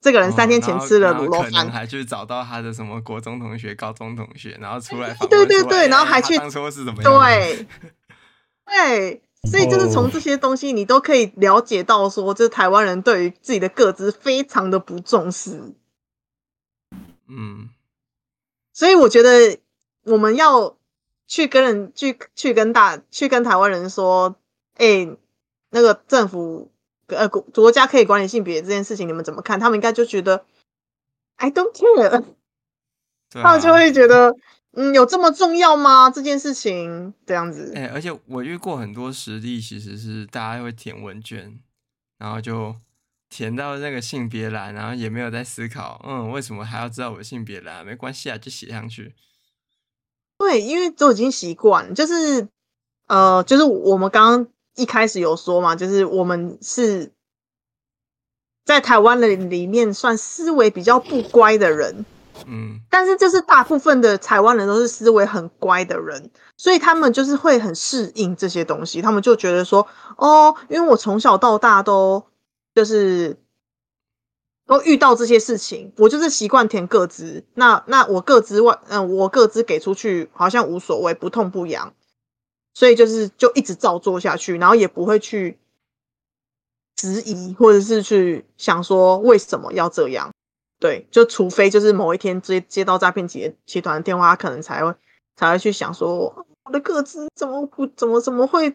這個人三天前吃了魯肉飯，哦、可能還去找到他的什麼國中同學、高中同學，然後出來，欸、對，對對對，然後還去對、欸、對。對。所以，就是從這些東西，你都可以了解到，說這台灣人對於自己的個資非常的不重視。嗯，所以我覺得我們要去跟人去去跟大去跟台灣人說，誒、欸，那個政府呃國國家可以管理性別這件事情，你們怎麼看？他們應該就覺得 I don't care，、啊、他們就會覺得。嗯，有這麼重要嗎？這件事情這樣子。哎、欸，而且我遇過很多實例，其實是大家會填問卷，然後就填到那個性別欄，然後也沒有在思考，嗯，為什麼還要知道我的性別欄？沒關係啊，就寫上去。對，因為都已經習慣，就是呃，就是我們剛剛一開始有說嘛，就是我們是在台灣人裡面算思維比較不乖的人。嗯，但是就是大部分的台灣人都是思維很乖的人，所以他們就是會很適應這些東西，他們就覺得說，哦，因為我從小到大都就是都遇到這些事情，我就是習慣填個資，那那我個資外，嗯、呃，我個資給出去好像無所謂，不痛不癢，所以就是就一直照做下去，然後也不會去質疑或者是去想說為什麼要這樣。對，就除非就是某一天接接到詐騙集集團的電話，他可能才會才會去想說我的個資怎麼不怎麼怎麼會？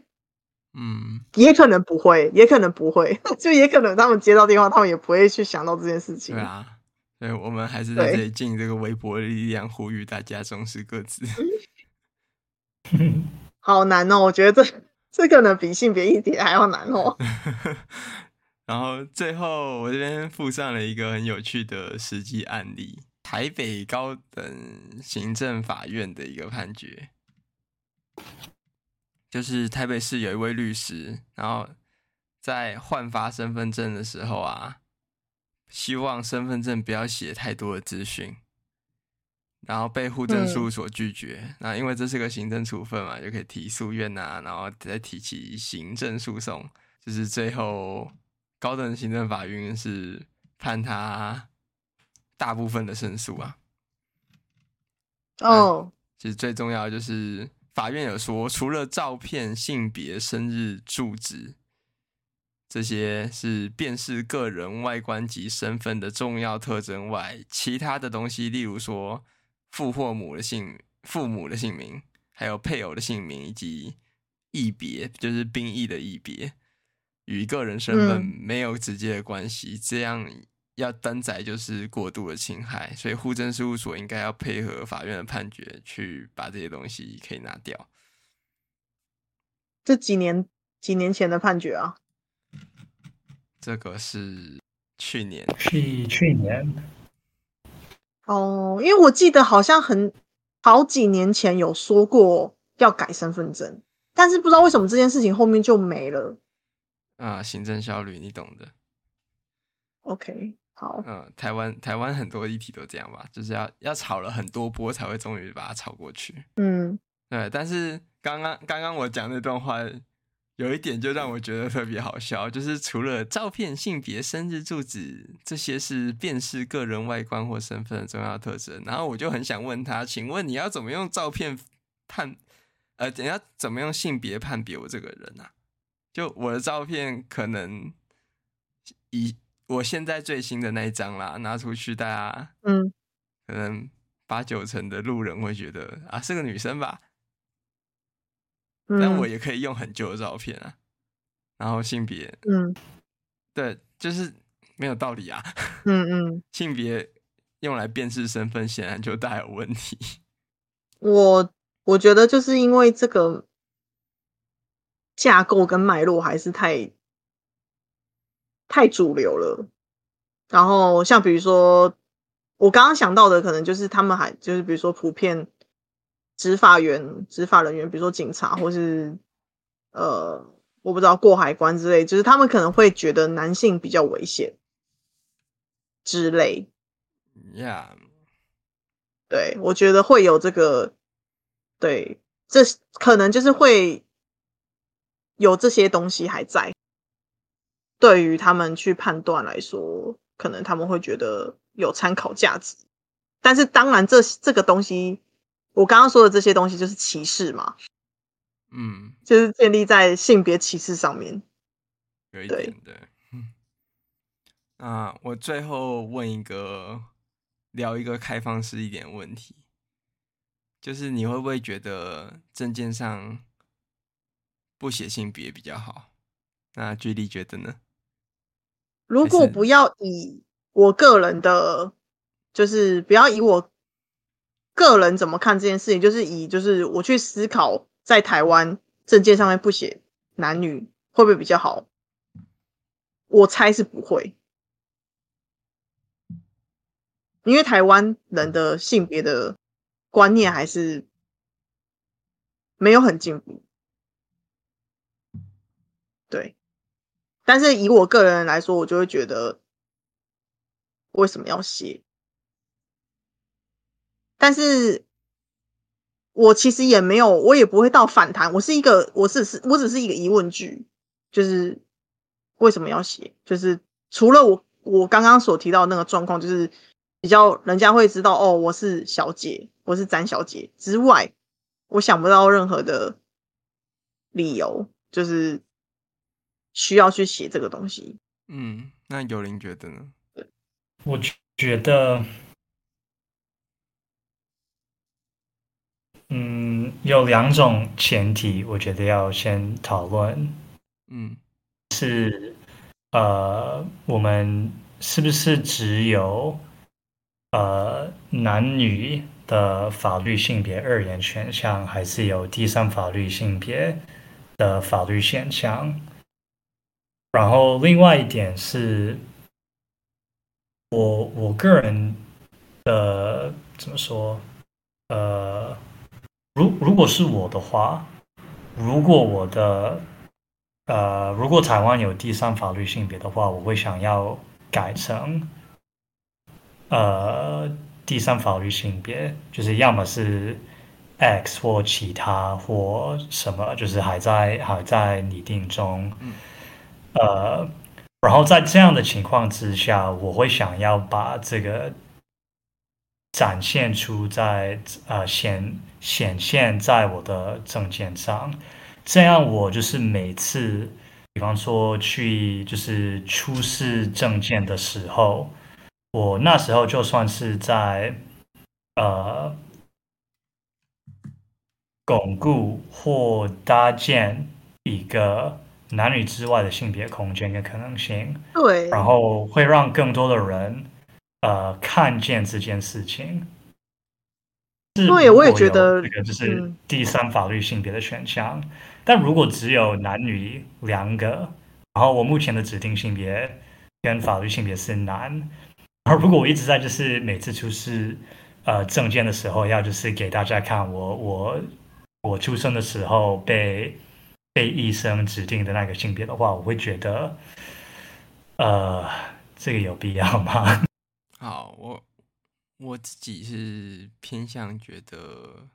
嗯，也可能不會，也可能不會，就也可能他們接到電話，他們也不會去想到這件事情。對啊，所以我們還是在這裡盡這這個微薄的力量呼籲大家重視個資。好難哦，我覺得這這可能比性別議題還要難哦。 然後最後，我這邊附上了一個很有趣的實際案例，台北高等行政法院的一個判決，就是台北市有一位律師，然後在換發身份證的時候啊，希望身份證不要寫太多的資訊，然後被戶政事務所拒絕。嗯。那因為這是個行政處分嘛，就可以提訴願啊，然後再提起行政訴訟，就是最後。高等行政法院是判他大部分的勝訴啊。哦，其實最重要的就是法院有說，除了照片、性別、生日、住址這些是辨識個人外觀及身份的重要特徵外，其他的東西，例如說父或母的姓、父母的姓名、還有配偶的姓名以及異別，就是兵役的異別。與個人身份沒有直接的關係，嗯、這樣要登載就是過度的侵害，所以戶政事務所應該要配合法院的判決去把這些東西可以拿掉。這幾年，幾年前的判決啊？這個是去年，去去年。哦，因為我記得好像很好幾年前有說過要改身份證，但是不知道為什麼這件事情後面就沒了。啊、嗯，行政效率你懂的。OK，好。嗯，台灣台灣很多議題都這樣吧，就是要要吵了很多波才會終於把它吵過去。嗯，對。但是剛剛剛剛我講那段話，有一點就讓我覺得特別好笑，就是除了照片、性別、生日、住址這些是辨識個人外觀或身份的重要特徵，然後我就很想問他，請問你要怎麼用照片判？呃，你要怎麼用性別判別我這個人啊？就我的照片，可能以我現在最新的那一張啦，拿出去大家，嗯，可能八九成的路人會覺得、嗯、啊是個女生吧，但我也可以用很久的照片啊，嗯、然後性別，嗯，對，就是沒有道理啊，嗯嗯， 性別用來辨識身份顯然就帶有問題。我我覺得就是因為這個。架構跟脈絡還是太太主流了，然後像比如說我剛剛想到的，可能就是他們還就是比如說普遍執法員、執法人員，比如說警察，或是呃，我不知道過海關之類，就是他們可能會覺得男性比較危險之類。Yeah，對，我覺得會有這個，對，這可能就是會。有這些東西還在，對於他們去判斷來說，可能他們會覺得有參考價值。但是當然這，這這個東西，我剛剛說的這些東西就是歧視嘛，嗯，就是建立在性別歧視上面。有一點對。嗯。那我最後問一個，聊一個開放式一點問題，就是你會不會覺得證件上？不寫性別比較好，那有靈覺得呢？如果不要以我個人的，就是不要以我個人怎麼看這件事情，就是以就是我去思考，在台灣證件上面不寫男女會不會比較好？嗯、我猜是不會，嗯、因為台灣人的性別的觀念還是沒有很進步。但是以我個人來說，我就會覺得為什麼要寫？但是，我其實也沒有，我也不會到反彈。我是一個，我是是，我只是一個疑問句，就是為什麼要寫？就是除了我我剛剛所提到那個狀況，就是比較人家會知道哦，我是小姐，我是詹小姐之外，我想不到任何的理由，就是。需要去寫這個東西。嗯，那有靈覺得呢？對我覺得，嗯，有兩種前提，我覺得要先討論。嗯，是呃，我們是不是只有呃男女的法律性別二元選項，還是有第三法律性別的法律現象？然後，另外一點是我，我我個人的，怎麼說？呃，如果如果是我的話，如果我的，呃，如果台灣有第三法律性別的話，我會想要改成，呃，第三法律性別，就是要麼是 X 或其他或什麼，就是還在還在擬定中。嗯。呃，然後在這樣的情況之下，我會想要把這個展現出在呃顯顯現在我的證件上，這樣我就是每次，比方說去就是出示證件的時候，我那時候就算是在呃鞏固或搭建一個。男女之外的性別空間跟可能性，對，然後會讓更多的人，呃，看見這件事情。對，我也覺得這個就是第三法律性別的選項。嗯，但如果只有男女兩個，然後我目前的指定性別跟法律性別是男，然後如果我一直在就是每次出示呃證件的時候要就是給大家看我我我出生的時候被。被醫生指定的那個性別的話，我會覺得，呃，這個有必要嗎？好，我我自己是偏向覺得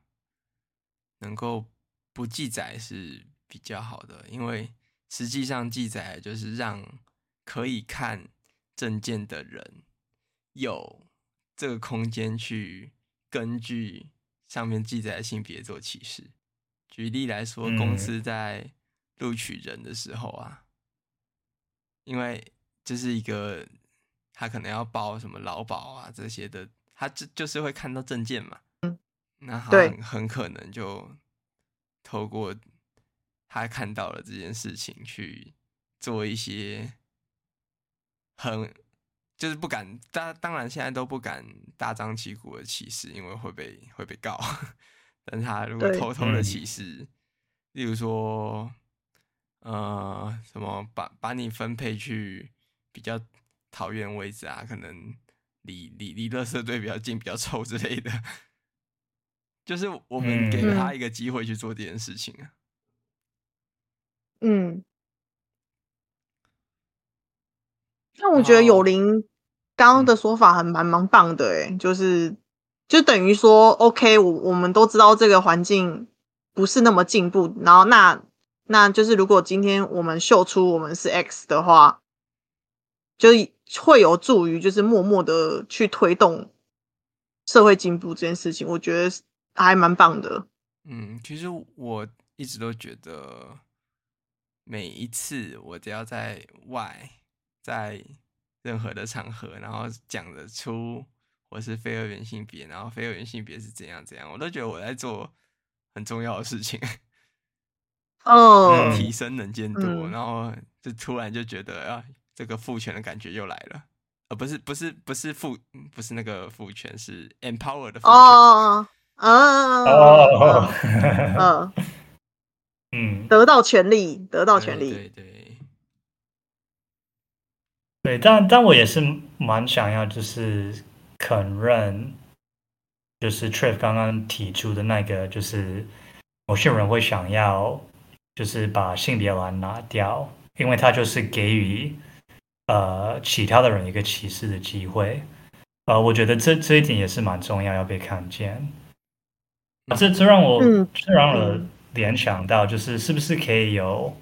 能夠不記載是比較好的，因為實際上記載就是讓可以看證件的人有這個空間去根據上面記載的性別做歧視。舉例來說，公司在錄取人的時候啊，嗯，因為這是一個他可能要報什麼勞保啊這些的，他就就是會看到證件嘛。嗯，那很很可能就透過他看到了這件事情，去做一些很就是不敢，當然現在都不敢大張旗鼓的歧視，因為會被會被告。但他如果偷偷的歧視，嗯、例如說，呃，什麼把把你分配去比較討厭位置啊，可能離離離垃圾堆比較近、比較臭之類的，就是我們給了他一個機會去做這件事情啊、嗯。嗯，但我覺得有靈剛剛的說法還蠻蠻棒的、欸，哎，就是。就等於說，OK，我我們都知道這個環境不是那麼進步，然後那那就是如果今天我們秀出我們是 X 的話，就會有助於就是默默的去推動社會進步這件事情，我覺得還蠻棒的。嗯，其實我一直都覺得，每一次我只要在外，在任何的場合，然後講得出。我是非二元性別，然後非二元性別是怎樣怎樣，我都覺得我在做很重要的事情，哦、 嗯，提升能見度，嗯、然後就突然就覺得啊，這個父權的感覺又來了，呃，不是不是不是父，不是那個父權，是 empower 的父權，哦哦哦，嗯，得到權力，嗯、得到權力、嗯。對對對，對但但我也是蠻想要就是。承認就是 Trev 剛剛提出的那個，就是某些人會想要，就是把性別欄拿掉，因為他就是給予呃其他的人一個歧視的機會。呃，我覺得這這一點也是蠻重要，要被看見。這這讓我這讓我聯想到，就是是不是可以有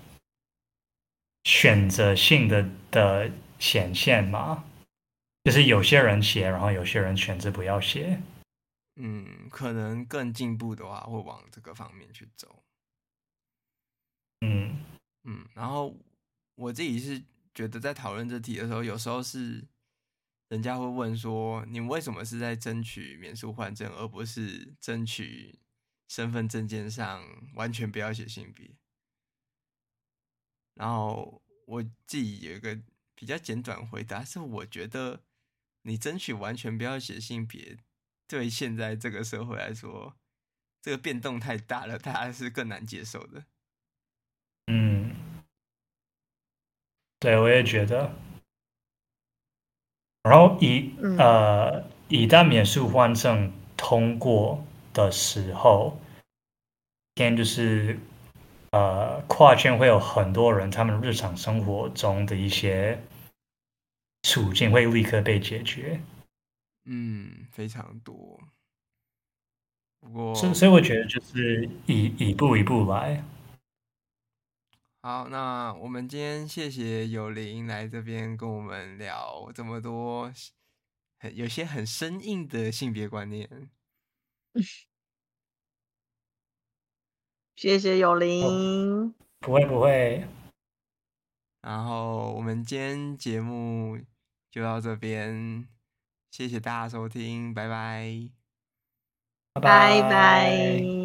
選擇性的的顯現嘛？就是有些人寫，然後有些人選擇不要寫。嗯，可能更進步的話，會往這個方面去走。嗯嗯，然後我自己是覺得，在討論這題的時候，有時候是人家會問說：“你為什麼是在爭取免術換證，而不是爭取身份證件上完全不要寫性別？”然後我自己有一個比較簡短回答是：我覺得。你爭取完全不要寫性別，對現在這個社會來說，這個變動太大了，大家是更難接受的。嗯，對我也覺得。然後一，嗯、呃，一旦免術換證通過的時候，天就是呃，跨圈會有很多人，他們日常生活中的一些。處境會立刻被解決，嗯，非常多。我，不過，所、所以我覺得就是一一步一步來。好，那我們今天謝謝有靈來這邊跟我們聊這麼多，有些很生硬的性別觀念。嗯，謝謝有靈。不會不會。然後我們今天節目。就到這邊，謝謝大家收聽，拜拜。拜拜。bye。Bye bye